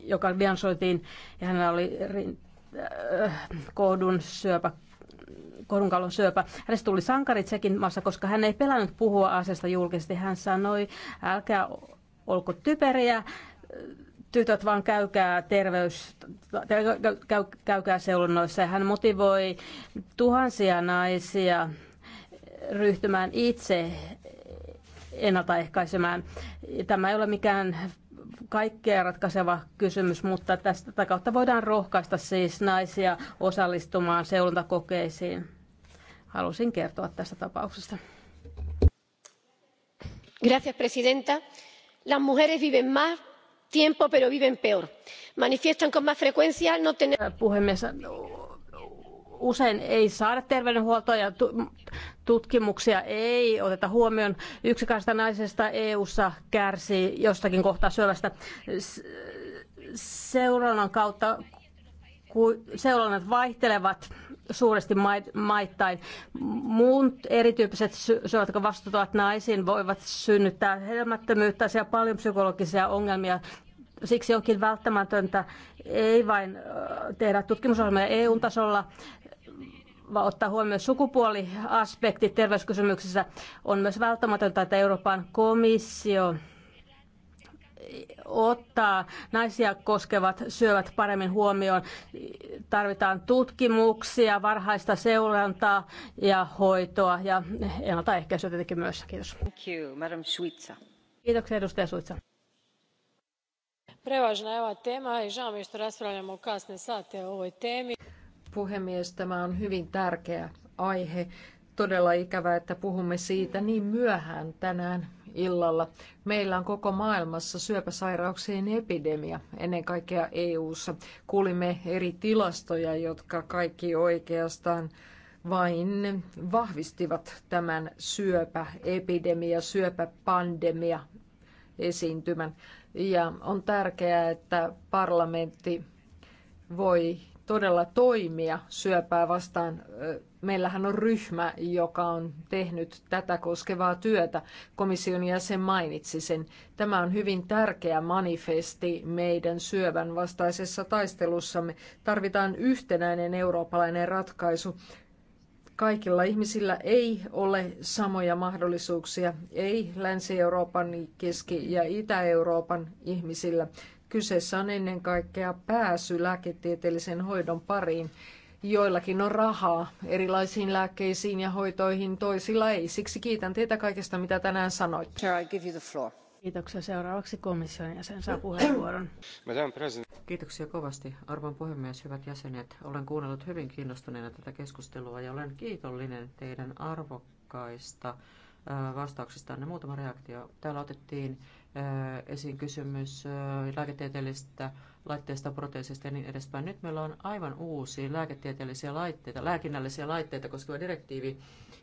joka viansoitiin ja hänellä oli äh, kohdun syöpä korunkalon syöpä. Hänestä tuli sankari Tsekin maassa, koska hän ei pelännyt puhua asiasta julkisesti. Hän sanoi, älkää olko typeriä, tytöt vaan käykää terveys, käy, käykää seulonnoissa. Hän motivoi tuhansia naisia ryhtymään itse ennaltaehkäisemään. Tämä ei ole mikään kaikkea ratkaiseva kysymys, mutta tästä, kautta voidaan rohkaista siis naisia osallistumaan seulontakokeisiin. Halusin kertoa tästä tapauksesta. Gracias, presidenta. Las mujeres viven más tiempo, pero viven peor. Manifiestan con más frecuencia no tener... Puhemies, usein ei saada terveydenhuoltoa ja tutkimuksia ei oteta huomioon. Yksi naisesta EU-ssa kärsii jostakin kohtaa syövästä seurannan kautta seurannat vaihtelevat suuresti maittain. Muun erityyppiset syövät, jotka vastustavat naisiin, voivat synnyttää helmättömyyttä ja paljon psykologisia ongelmia. Siksi onkin välttämätöntä ei vain tehdä tutkimusohjelmia EU-tasolla, vaan ottaa huomioon sukupuoliaspektit terveyskysymyksissä. On myös välttämätöntä, että Euroopan komissio ottaa naisia koskevat syövät paremmin huomioon. Tarvitaan tutkimuksia, varhaista seurantaa ja hoitoa ja ennaltaehkäisyä tietenkin myös. Kiitos. Thank you, Madam Kiitoksia edustaja Suitsa prevana je ova tema i ao mi je to raspravljamo u kasne sate o ovoj temi. Puhemies, tämä on hyvin tärkeä aihe. Todella ikävää, että puhumme siitä niin myöhään tänään illalla. Meillä on koko maailmassa syöpäsairauksien epidemia, ennen kaikkea EU:ssa. Kuulimme eri tilastoja, jotka kaikki oikeastaan vain vahvistivat tämän syöpäepidemia, syöpäpandemia esiintymän. Ja on tärkeää, että parlamentti voi todella toimia syöpää vastaan. Meillähän on ryhmä, joka on tehnyt tätä koskevaa työtä. Komission jäsen mainitsi sen. Tämä on hyvin tärkeä manifesti meidän syövän vastaisessa taistelussamme. Tarvitaan yhtenäinen eurooppalainen ratkaisu. Kaikilla ihmisillä ei ole samoja mahdollisuuksia, ei Länsi-Euroopan, Keski- ja Itä-Euroopan ihmisillä. Kyseessä on ennen kaikkea pääsy lääketieteellisen hoidon pariin. Joillakin on rahaa erilaisiin lääkkeisiin ja hoitoihin, toisilla ei. Siksi kiitän teitä kaikesta, mitä tänään sanoit. Kiitoksia. Seuraavaksi komission jäsen saa puheenvuoron. Kiitoksia kovasti, arvon puhemies, hyvät jäsenet. Olen kuunnellut hyvin kiinnostuneena tätä keskustelua ja olen kiitollinen teidän arvokkaista vastauksistanne. Muutama reaktio. Täällä otettiin esiin kysymys lääketieteellisistä laitteista, proteesista ja niin edespäin. Nyt meillä on aivan uusia lääketieteellisiä laitteita, lääkinnällisiä laitteita koskeva direktiivi,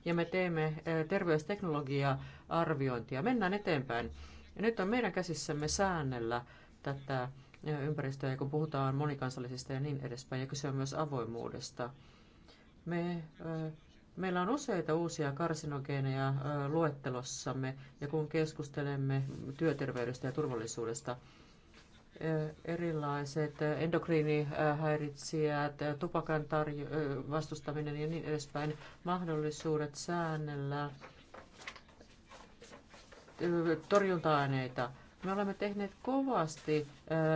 ja me teemme terveysteknologia-arviointia. Mennään eteenpäin. Ja nyt on meidän käsissämme säännellä tätä ympäristöä, ja kun puhutaan monikansallisista ja niin edespäin, ja kyse on myös avoimuudesta. Me, meillä on useita uusia karsinogeeneja luettelossamme, ja kun keskustelemme työterveydestä ja turvallisuudesta, erilaiset endokriinihäiritsijät, tupakan tarjo- vastustaminen ja niin edespäin, mahdollisuudet säännellä torjunta-aineita. Me olemme tehneet kovasti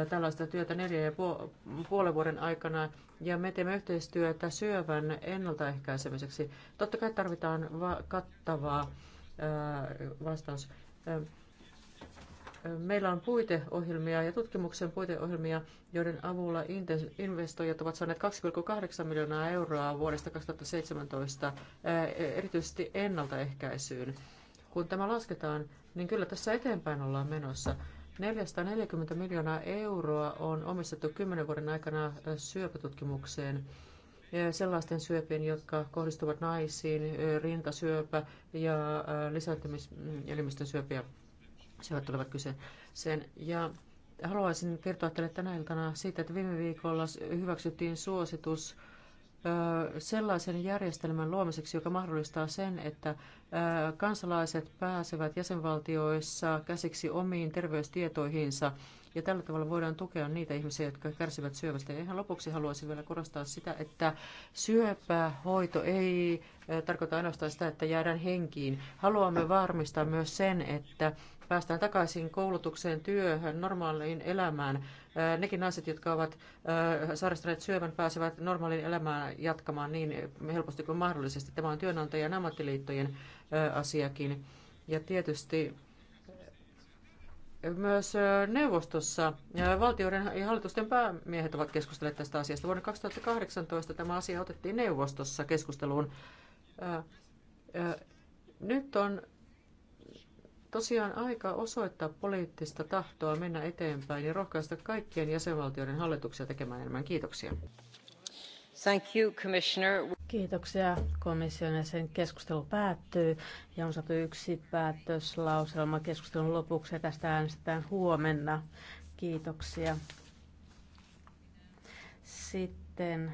tällaista työtä neljän ja puolen vuoden aikana ja me teemme yhteistyötä syövän ennaltaehkäisemiseksi. Totta kai tarvitaan kattavaa vastaus. Meillä on puiteohjelmia ja tutkimuksen puiteohjelmia, joiden avulla investoijat ovat saaneet 2,8 miljoonaa euroa vuodesta 2017 e- erityisesti ennaltaehkäisyyn kun tämä lasketaan, niin kyllä tässä eteenpäin ollaan menossa. 440 miljoonaa euroa on omistettu 10 vuoden aikana äh, syöpätutkimukseen sellaisten syöpien, jotka kohdistuvat naisiin, äh, rintasyöpä ja äh, lisääntymiselimistön syöpiä syövät tulevat kyseeseen. Ja haluaisin kertoa teille tänä iltana siitä, että viime viikolla hyväksyttiin suositus sellaisen järjestelmän luomiseksi, joka mahdollistaa sen, että kansalaiset pääsevät jäsenvaltioissa käsiksi omiin terveystietoihinsa ja tällä tavalla voidaan tukea niitä ihmisiä, jotka kärsivät syövästä. Ja ihan lopuksi haluaisin vielä korostaa sitä, että syöpähoito ei tarkoita ainoastaan sitä, että jäädään henkiin. Haluamme varmistaa myös sen, että päästään takaisin koulutukseen, työhön, normaaliin elämään. Äh, nekin naiset, jotka ovat äh, sairastaneet syövän, pääsevät normaaliin elämään jatkamaan niin helposti kuin mahdollisesti. Tämä on työnantajien ammattiliittojen äh, asiakin. Ja tietysti myös neuvostossa valtioiden ja hallitusten päämiehet ovat keskustelleet tästä asiasta. Vuonna 2018 tämä asia otettiin neuvostossa keskusteluun. Nyt on tosiaan aika osoittaa poliittista tahtoa mennä eteenpäin ja rohkaista kaikkien jäsenvaltioiden hallituksia tekemään enemmän. Kiitoksia. Thank you, Commissioner. Kiitoksia komission ja sen keskustelu päättyy ja on saatu yksi päätöslauselma keskustelun lopuksi ja tästä äänestetään huomenna. Kiitoksia. Sitten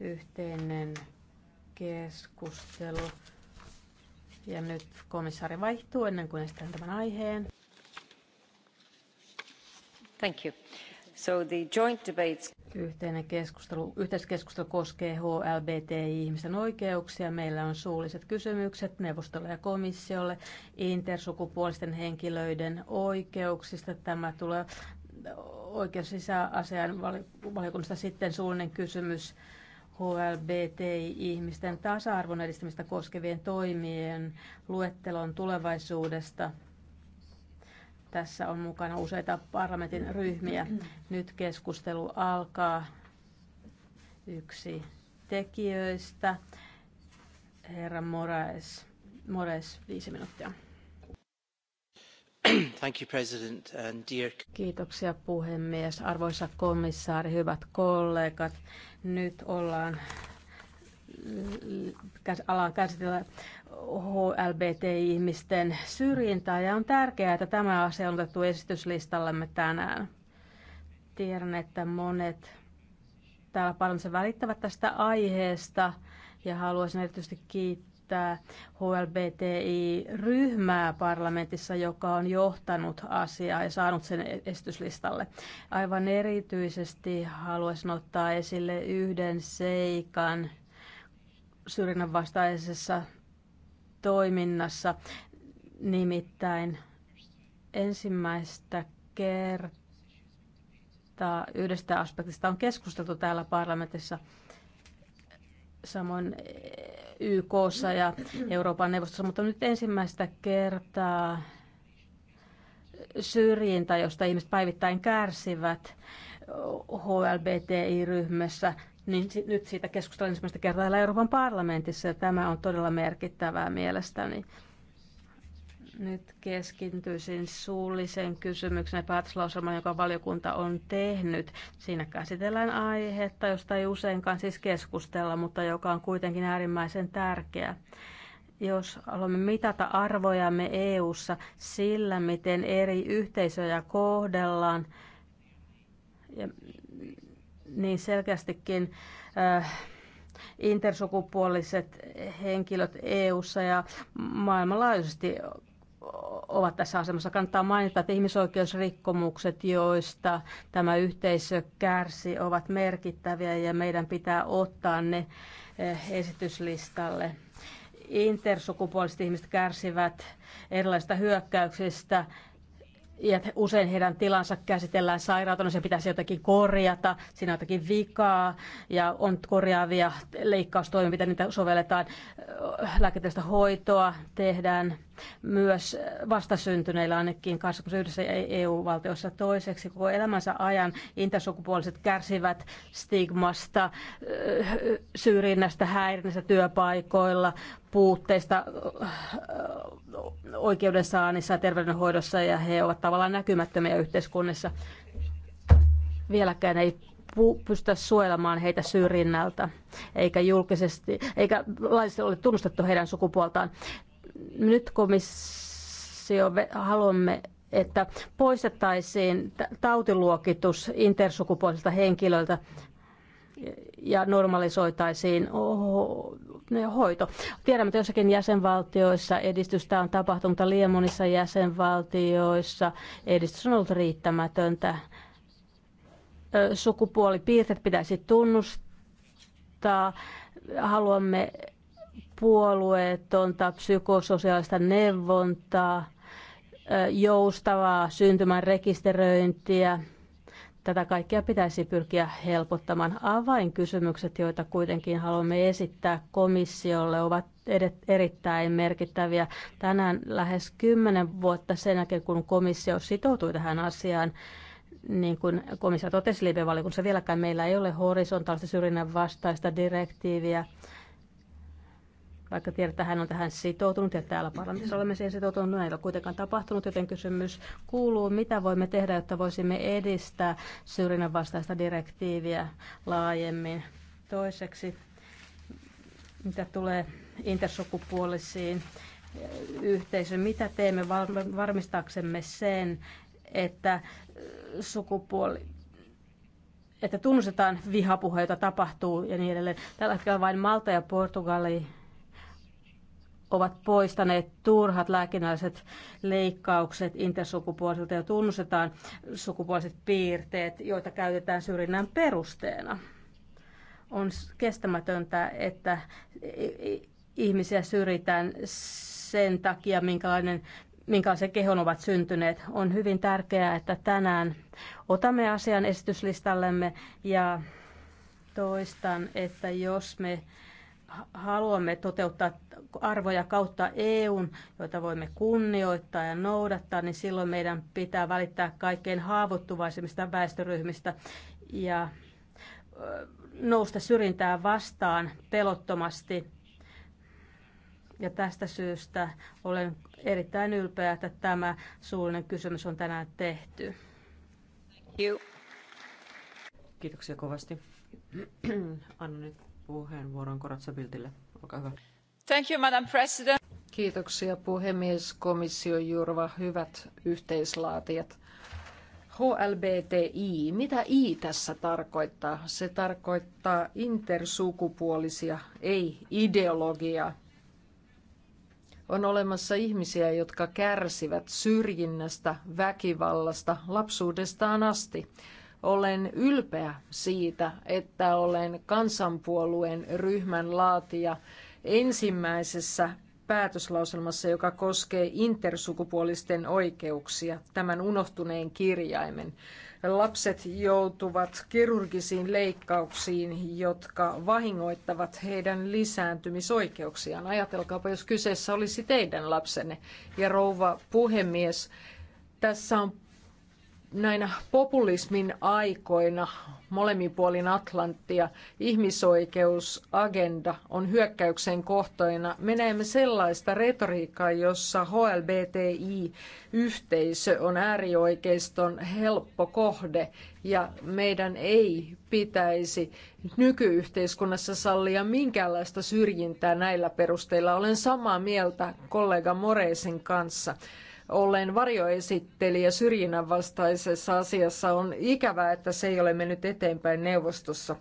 yhteinen keskustelu. Ja nyt komissaari vaihtuu ennen kuin esitän tämän aiheen. Thank you. So the joint debates... Yhteinen keskustelu, yhteiskeskustelu koskee hlbti ihmisen oikeuksia. Meillä on suulliset kysymykset neuvostolle ja komissiolle intersukupuolisten henkilöiden oikeuksista. Tämä tulee oikeus sisäasian valiokunnasta sitten suullinen kysymys HLBTI-ihmisten tasa-arvon edistämistä koskevien toimien luettelon tulevaisuudesta. Tässä on mukana useita parlamentin ryhmiä. Nyt keskustelu alkaa yksi tekijöistä. Herra Moraes, Moraes viisi minuuttia. Kiitoksia puhemies. Arvoisa komissaari, hyvät kollegat. Nyt ollaan alaan käsitellä HLBT-ihmisten syrjintää ja on tärkeää, että tämä asia on otettu esityslistallemme tänään. Tiedän, että monet täällä paljon se välittävät tästä aiheesta ja haluaisin erityisesti kiittää edistää HLBTI-ryhmää parlamentissa, joka on johtanut asiaa ja saanut sen esityslistalle. Aivan erityisesti haluaisin ottaa esille yhden seikan syrjinnän vastaisessa toiminnassa, nimittäin ensimmäistä kertaa yhdestä aspektista on keskusteltu täällä parlamentissa samoin YKssa ja Euroopan neuvostossa, mutta nyt ensimmäistä kertaa syrjintä, josta ihmiset päivittäin kärsivät HLBTI-ryhmässä, niin nyt siitä keskustellaan ensimmäistä kertaa Euroopan parlamentissa ja tämä on todella merkittävää mielestäni. Nyt keskityisin suulliseen kysymykseen päätöslauselmaan, joka valiokunta on tehnyt. Siinä käsitellään aihetta, josta ei useinkaan siis keskustella, mutta joka on kuitenkin äärimmäisen tärkeä. Jos haluamme mitata arvojamme EU-ssa sillä, miten eri yhteisöjä kohdellaan, niin selkeästikin äh, intersukupuoliset henkilöt EU:ssa ja maailmanlaajuisesti ovat tässä asemassa. Kannattaa mainita, että ihmisoikeusrikkomukset, joista tämä yhteisö kärsi, ovat merkittäviä ja meidän pitää ottaa ne eh, esityslistalle intersukupuoliset ihmiset kärsivät erilaisista hyökkäyksistä ja usein heidän tilansa käsitellään sairautena, se pitäisi jotenkin korjata, siinä on jotakin vikaa ja on korjaavia leikkaustoimenpiteitä, niitä sovelletaan, lääketeistä hoitoa tehdään myös vastasyntyneillä ainakin 21 EU-valtiossa e toiseksi koko elämänsä ajan intersukupuoliset kärsivät stigmasta, syrjinnästä, häirinnästä työpaikoilla, puutteista äh, oikeudensaannissa ja terveydenhoidossa ja he ovat tavallaan näkymättömiä yhteiskunnassa. Vieläkään ei pystytä suojelemaan heitä syrjinnältä, eikä julkisesti, eikä laillisesti ole tunnustettu heidän sukupuoltaan. Nyt komissio haluamme että poistettaisiin tautiluokitus intersukupuolisilta henkilöiltä ja normalisoitaisiin hoito. Tiedämme, että jossakin jäsenvaltioissa edistystä on tapahtunut, mutta liian monissa jäsenvaltioissa edistys on ollut riittämätöntä. Sukupuolipiirteet pitäisi tunnustaa. Haluamme puolueetonta psykososiaalista neuvontaa, joustavaa syntymän rekisteröintiä – Tätä kaikkea pitäisi pyrkiä helpottamaan. Avainkysymykset, joita kuitenkin haluamme esittää komissiolle, ovat erittäin merkittäviä. Tänään lähes kymmenen vuotta sen jälkeen, kun komissio sitoutui tähän asiaan, niin kuin komissio totesi live-valiokunnassa, vieläkään meillä ei ole horisontaalista syrjinnän vastaista direktiiviä vaikka tiedät, että hän on tähän sitoutunut ja täällä parlamentissa olemme siihen sitoutuneet, näin no ei ole kuitenkaan tapahtunut, joten kysymys kuuluu, mitä voimme tehdä, jotta voisimme edistää syrjinnän vastaista direktiiviä laajemmin. Toiseksi, mitä tulee intersukupuolisiin yhteisöön, mitä teemme varmistaaksemme sen, että sukupuoli, että tunnustetaan vihapuhe, jota tapahtuu ja niin edelleen. Tällä hetkellä vain Malta ja Portugali ovat poistaneet turhat lääkinnälliset leikkaukset intersukupuolisilta ja tunnustetaan sukupuoliset piirteet, joita käytetään syrjinnän perusteena. On kestämätöntä, että ihmisiä syrjitään sen takia, minkälainen minkälaisen kehon ovat syntyneet. On hyvin tärkeää, että tänään otamme asian esityslistallemme ja toistan, että jos me haluamme toteuttaa arvoja kautta EUn, joita voimme kunnioittaa ja noudattaa, niin silloin meidän pitää välittää kaikkein haavoittuvaisimmista väestöryhmistä ja nousta syrjintää vastaan pelottomasti. Ja tästä syystä olen erittäin ylpeä, että tämä suullinen kysymys on tänään tehty. Kiitoksia kovasti. Anna nyt puheenvuoron Koratsabiltille. Olkaa hyvä. Thank you, Madam President. Kiitoksia puhemies, komissio Jurva, hyvät yhteislaatijat. HLBTI, mitä I tässä tarkoittaa? Se tarkoittaa intersukupuolisia, ei ideologiaa. On olemassa ihmisiä, jotka kärsivät syrjinnästä, väkivallasta lapsuudestaan asti. Olen ylpeä siitä, että olen kansanpuolueen ryhmän laatija ensimmäisessä päätöslauselmassa, joka koskee intersukupuolisten oikeuksia, tämän unohtuneen kirjaimen. Lapset joutuvat kirurgisiin leikkauksiin, jotka vahingoittavat heidän lisääntymisoikeuksiaan. Ajatelkaapa, jos kyseessä olisi teidän lapsenne. Ja rouva puhemies, tässä on näinä populismin aikoina molemmin puolin Atlanttia ihmisoikeusagenda on hyökkäyksen kohtoina. Me näemme sellaista retoriikkaa, jossa HLBTI-yhteisö on äärioikeiston helppo kohde ja meidän ei pitäisi nykyyhteiskunnassa sallia minkäänlaista syrjintää näillä perusteilla. Olen samaa mieltä kollega Moreesin kanssa olleen varjoesittelijä syrjinnän vastaisessa asiassa. On ikävää, että se ei ole mennyt eteenpäin neuvostossa.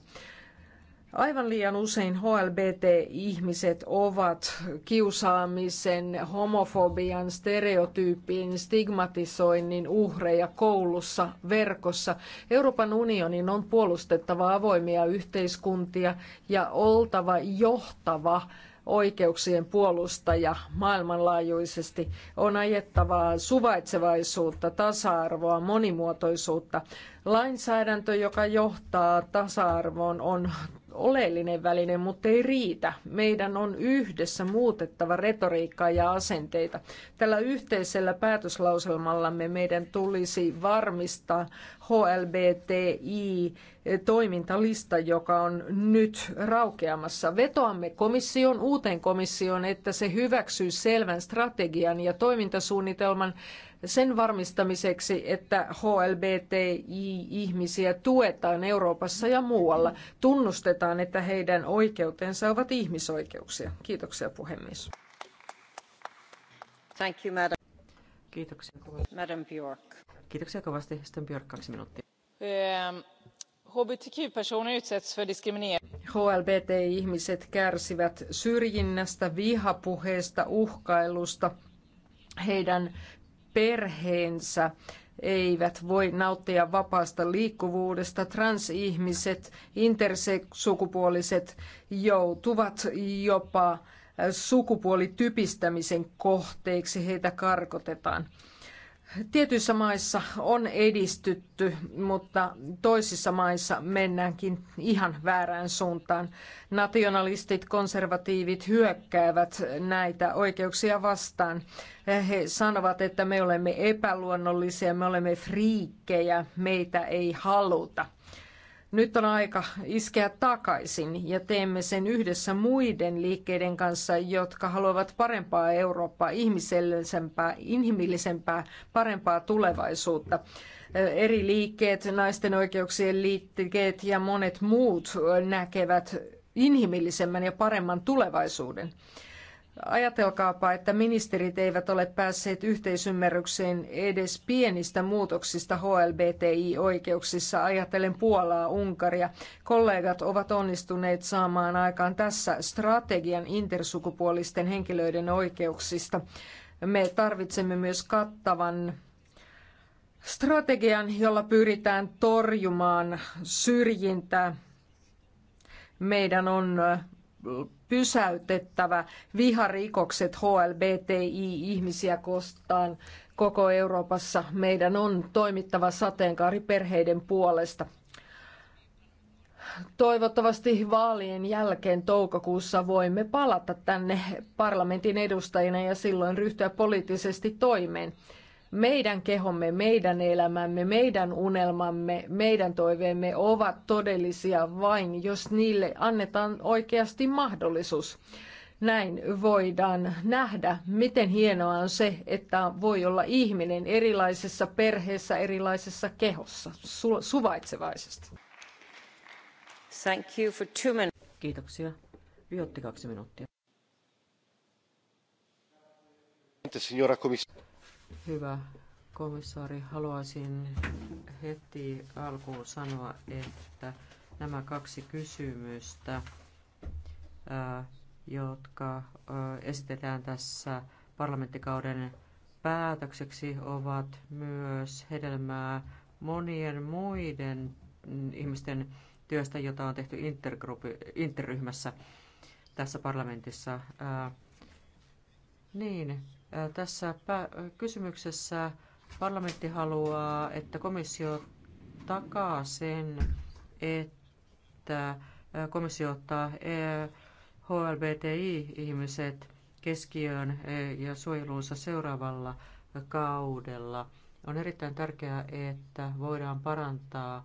Aivan liian usein HLBT-ihmiset ovat kiusaamisen, homofobian, stereotyyppiin, stigmatisoinnin uhreja koulussa, verkossa. Euroopan unionin on puolustettava avoimia yhteiskuntia ja oltava johtava oikeuksien puolustaja maailmanlaajuisesti. On ajettavaa suvaitsevaisuutta, tasa-arvoa, monimuotoisuutta. Lainsäädäntö, joka johtaa tasa-arvoon, on oleellinen väline, mutta ei riitä. Meidän on yhdessä muutettava retoriikkaa ja asenteita. Tällä yhteisellä päätöslauselmallamme meidän tulisi varmistaa HLBTI toimintalista, joka on nyt raukeamassa. Vetoamme komission, uuteen komission, että se hyväksyy selvän strategian ja toimintasuunnitelman sen varmistamiseksi, että HLBTI-ihmisiä tuetaan Euroopassa ja muualla. Tunnustetaan, että heidän oikeutensa ovat ihmisoikeuksia. Kiitoksia puhemies. Thank you, madam. Kiitoksia kovasti. Madam Bjork. Kiitoksia kovasti. Sitten Björk, kaksi minuuttia. Um. Ehm, HBTQ-personer utsätts för HLBT-ihmiset kärsivät syrjinnästä, vihapuheesta, uhkailusta. Heidän perheensä eivät voi nauttia vapaasta liikkuvuudesta. Transihmiset, intersukupuoliset joutuvat jopa sukupuolitypistämisen kohteeksi, heitä karkotetaan. Tietyissä maissa on edistytty, mutta toisissa maissa mennäänkin ihan väärään suuntaan. Nationalistit, konservatiivit hyökkäävät näitä oikeuksia vastaan. He sanovat, että me olemme epäluonnollisia, me olemme friikkejä, meitä ei haluta. Nyt on aika iskeä takaisin ja teemme sen yhdessä muiden liikkeiden kanssa, jotka haluavat parempaa Eurooppaa, ihmisellisempää, inhimillisempää, parempaa tulevaisuutta eri liikkeet, naisten oikeuksien liikkeet ja monet muut näkevät inhimillisemmän ja paremman tulevaisuuden. Ajatelkaapa, että ministerit eivät ole päässeet yhteisymmärrykseen edes pienistä muutoksista HLBTI-oikeuksissa, ajatellen Puolaa, Unkaria. Kollegat ovat onnistuneet saamaan aikaan tässä strategian intersukupuolisten henkilöiden oikeuksista. Me tarvitsemme myös kattavan strategian, jolla pyritään torjumaan syrjintää. Meidän on pysäytettävä viharikokset HLBTI-ihmisiä kohtaan koko Euroopassa. Meidän on toimittava sateenkaariperheiden puolesta. Toivottavasti vaalien jälkeen toukokuussa voimme palata tänne parlamentin edustajina ja silloin ryhtyä poliittisesti toimeen meidän kehomme, meidän elämämme, meidän unelmamme, meidän toiveemme ovat todellisia vain, jos niille annetaan oikeasti mahdollisuus. Näin voidaan nähdä, miten hienoa on se, että voi olla ihminen erilaisessa perheessä, erilaisessa kehossa, su- suvaitsevaisesti. Thank you for two minutes. Kiitoksia. Viotti kaksi minuuttia. Signora Commissione. Hyvä komissaari, haluaisin heti alkuun sanoa, että nämä kaksi kysymystä, jotka esitetään tässä parlamenttikauden päätökseksi, ovat myös hedelmää monien muiden ihmisten työstä, jota on tehty interryhmässä tässä parlamentissa. Niin, tässä kysymyksessä parlamentti haluaa, että komissio takaa sen, että komissio ottaa HLBTI-ihmiset keskiöön ja suojeluunsa seuraavalla kaudella. On erittäin tärkeää, että voidaan parantaa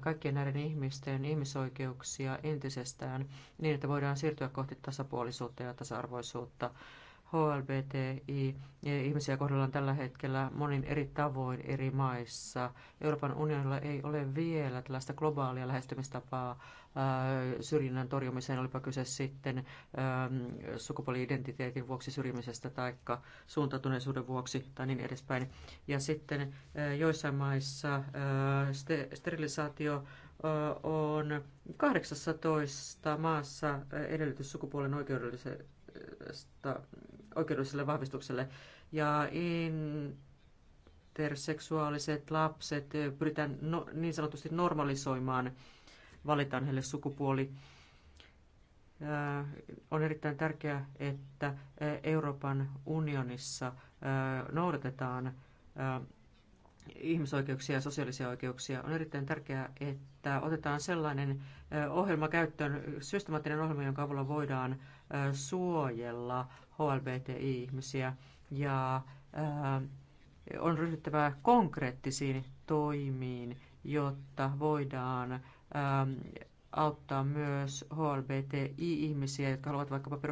kaikkien näiden ihmisten ihmisoikeuksia entisestään niin, että voidaan siirtyä kohti tasapuolisuutta ja tasa-arvoisuutta. HLBTI-ihmisiä kohdellaan tällä hetkellä monin eri tavoin eri maissa. Euroopan unionilla ei ole vielä tällaista globaalia lähestymistapaa syrjinnän torjumiseen, olipa kyse sitten sukupuoli-identiteetin vuoksi syrjimisestä tai suuntautuneisuuden vuoksi tai niin edespäin. Ja sitten joissain maissa sterilisaatio on 18 maassa edellytys sukupuolen oikeudellisesta oikeudelliselle vahvistukselle. Ja interseksuaaliset lapset pyritään no, niin sanotusti normalisoimaan, valitaan heille sukupuoli. On erittäin tärkeää, että Euroopan unionissa noudatetaan ihmisoikeuksia ja sosiaalisia oikeuksia. On erittäin tärkeää, että otetaan sellainen ohjelma käyttöön, systemaattinen ohjelma, jonka avulla voidaan suojella HLBTI-ihmisiä ja on ryhdyttävä konkreettisiin toimiin, jotta voidaan auttaa myös HLBTI-ihmisiä, jotka haluavat vaikkapa perustaa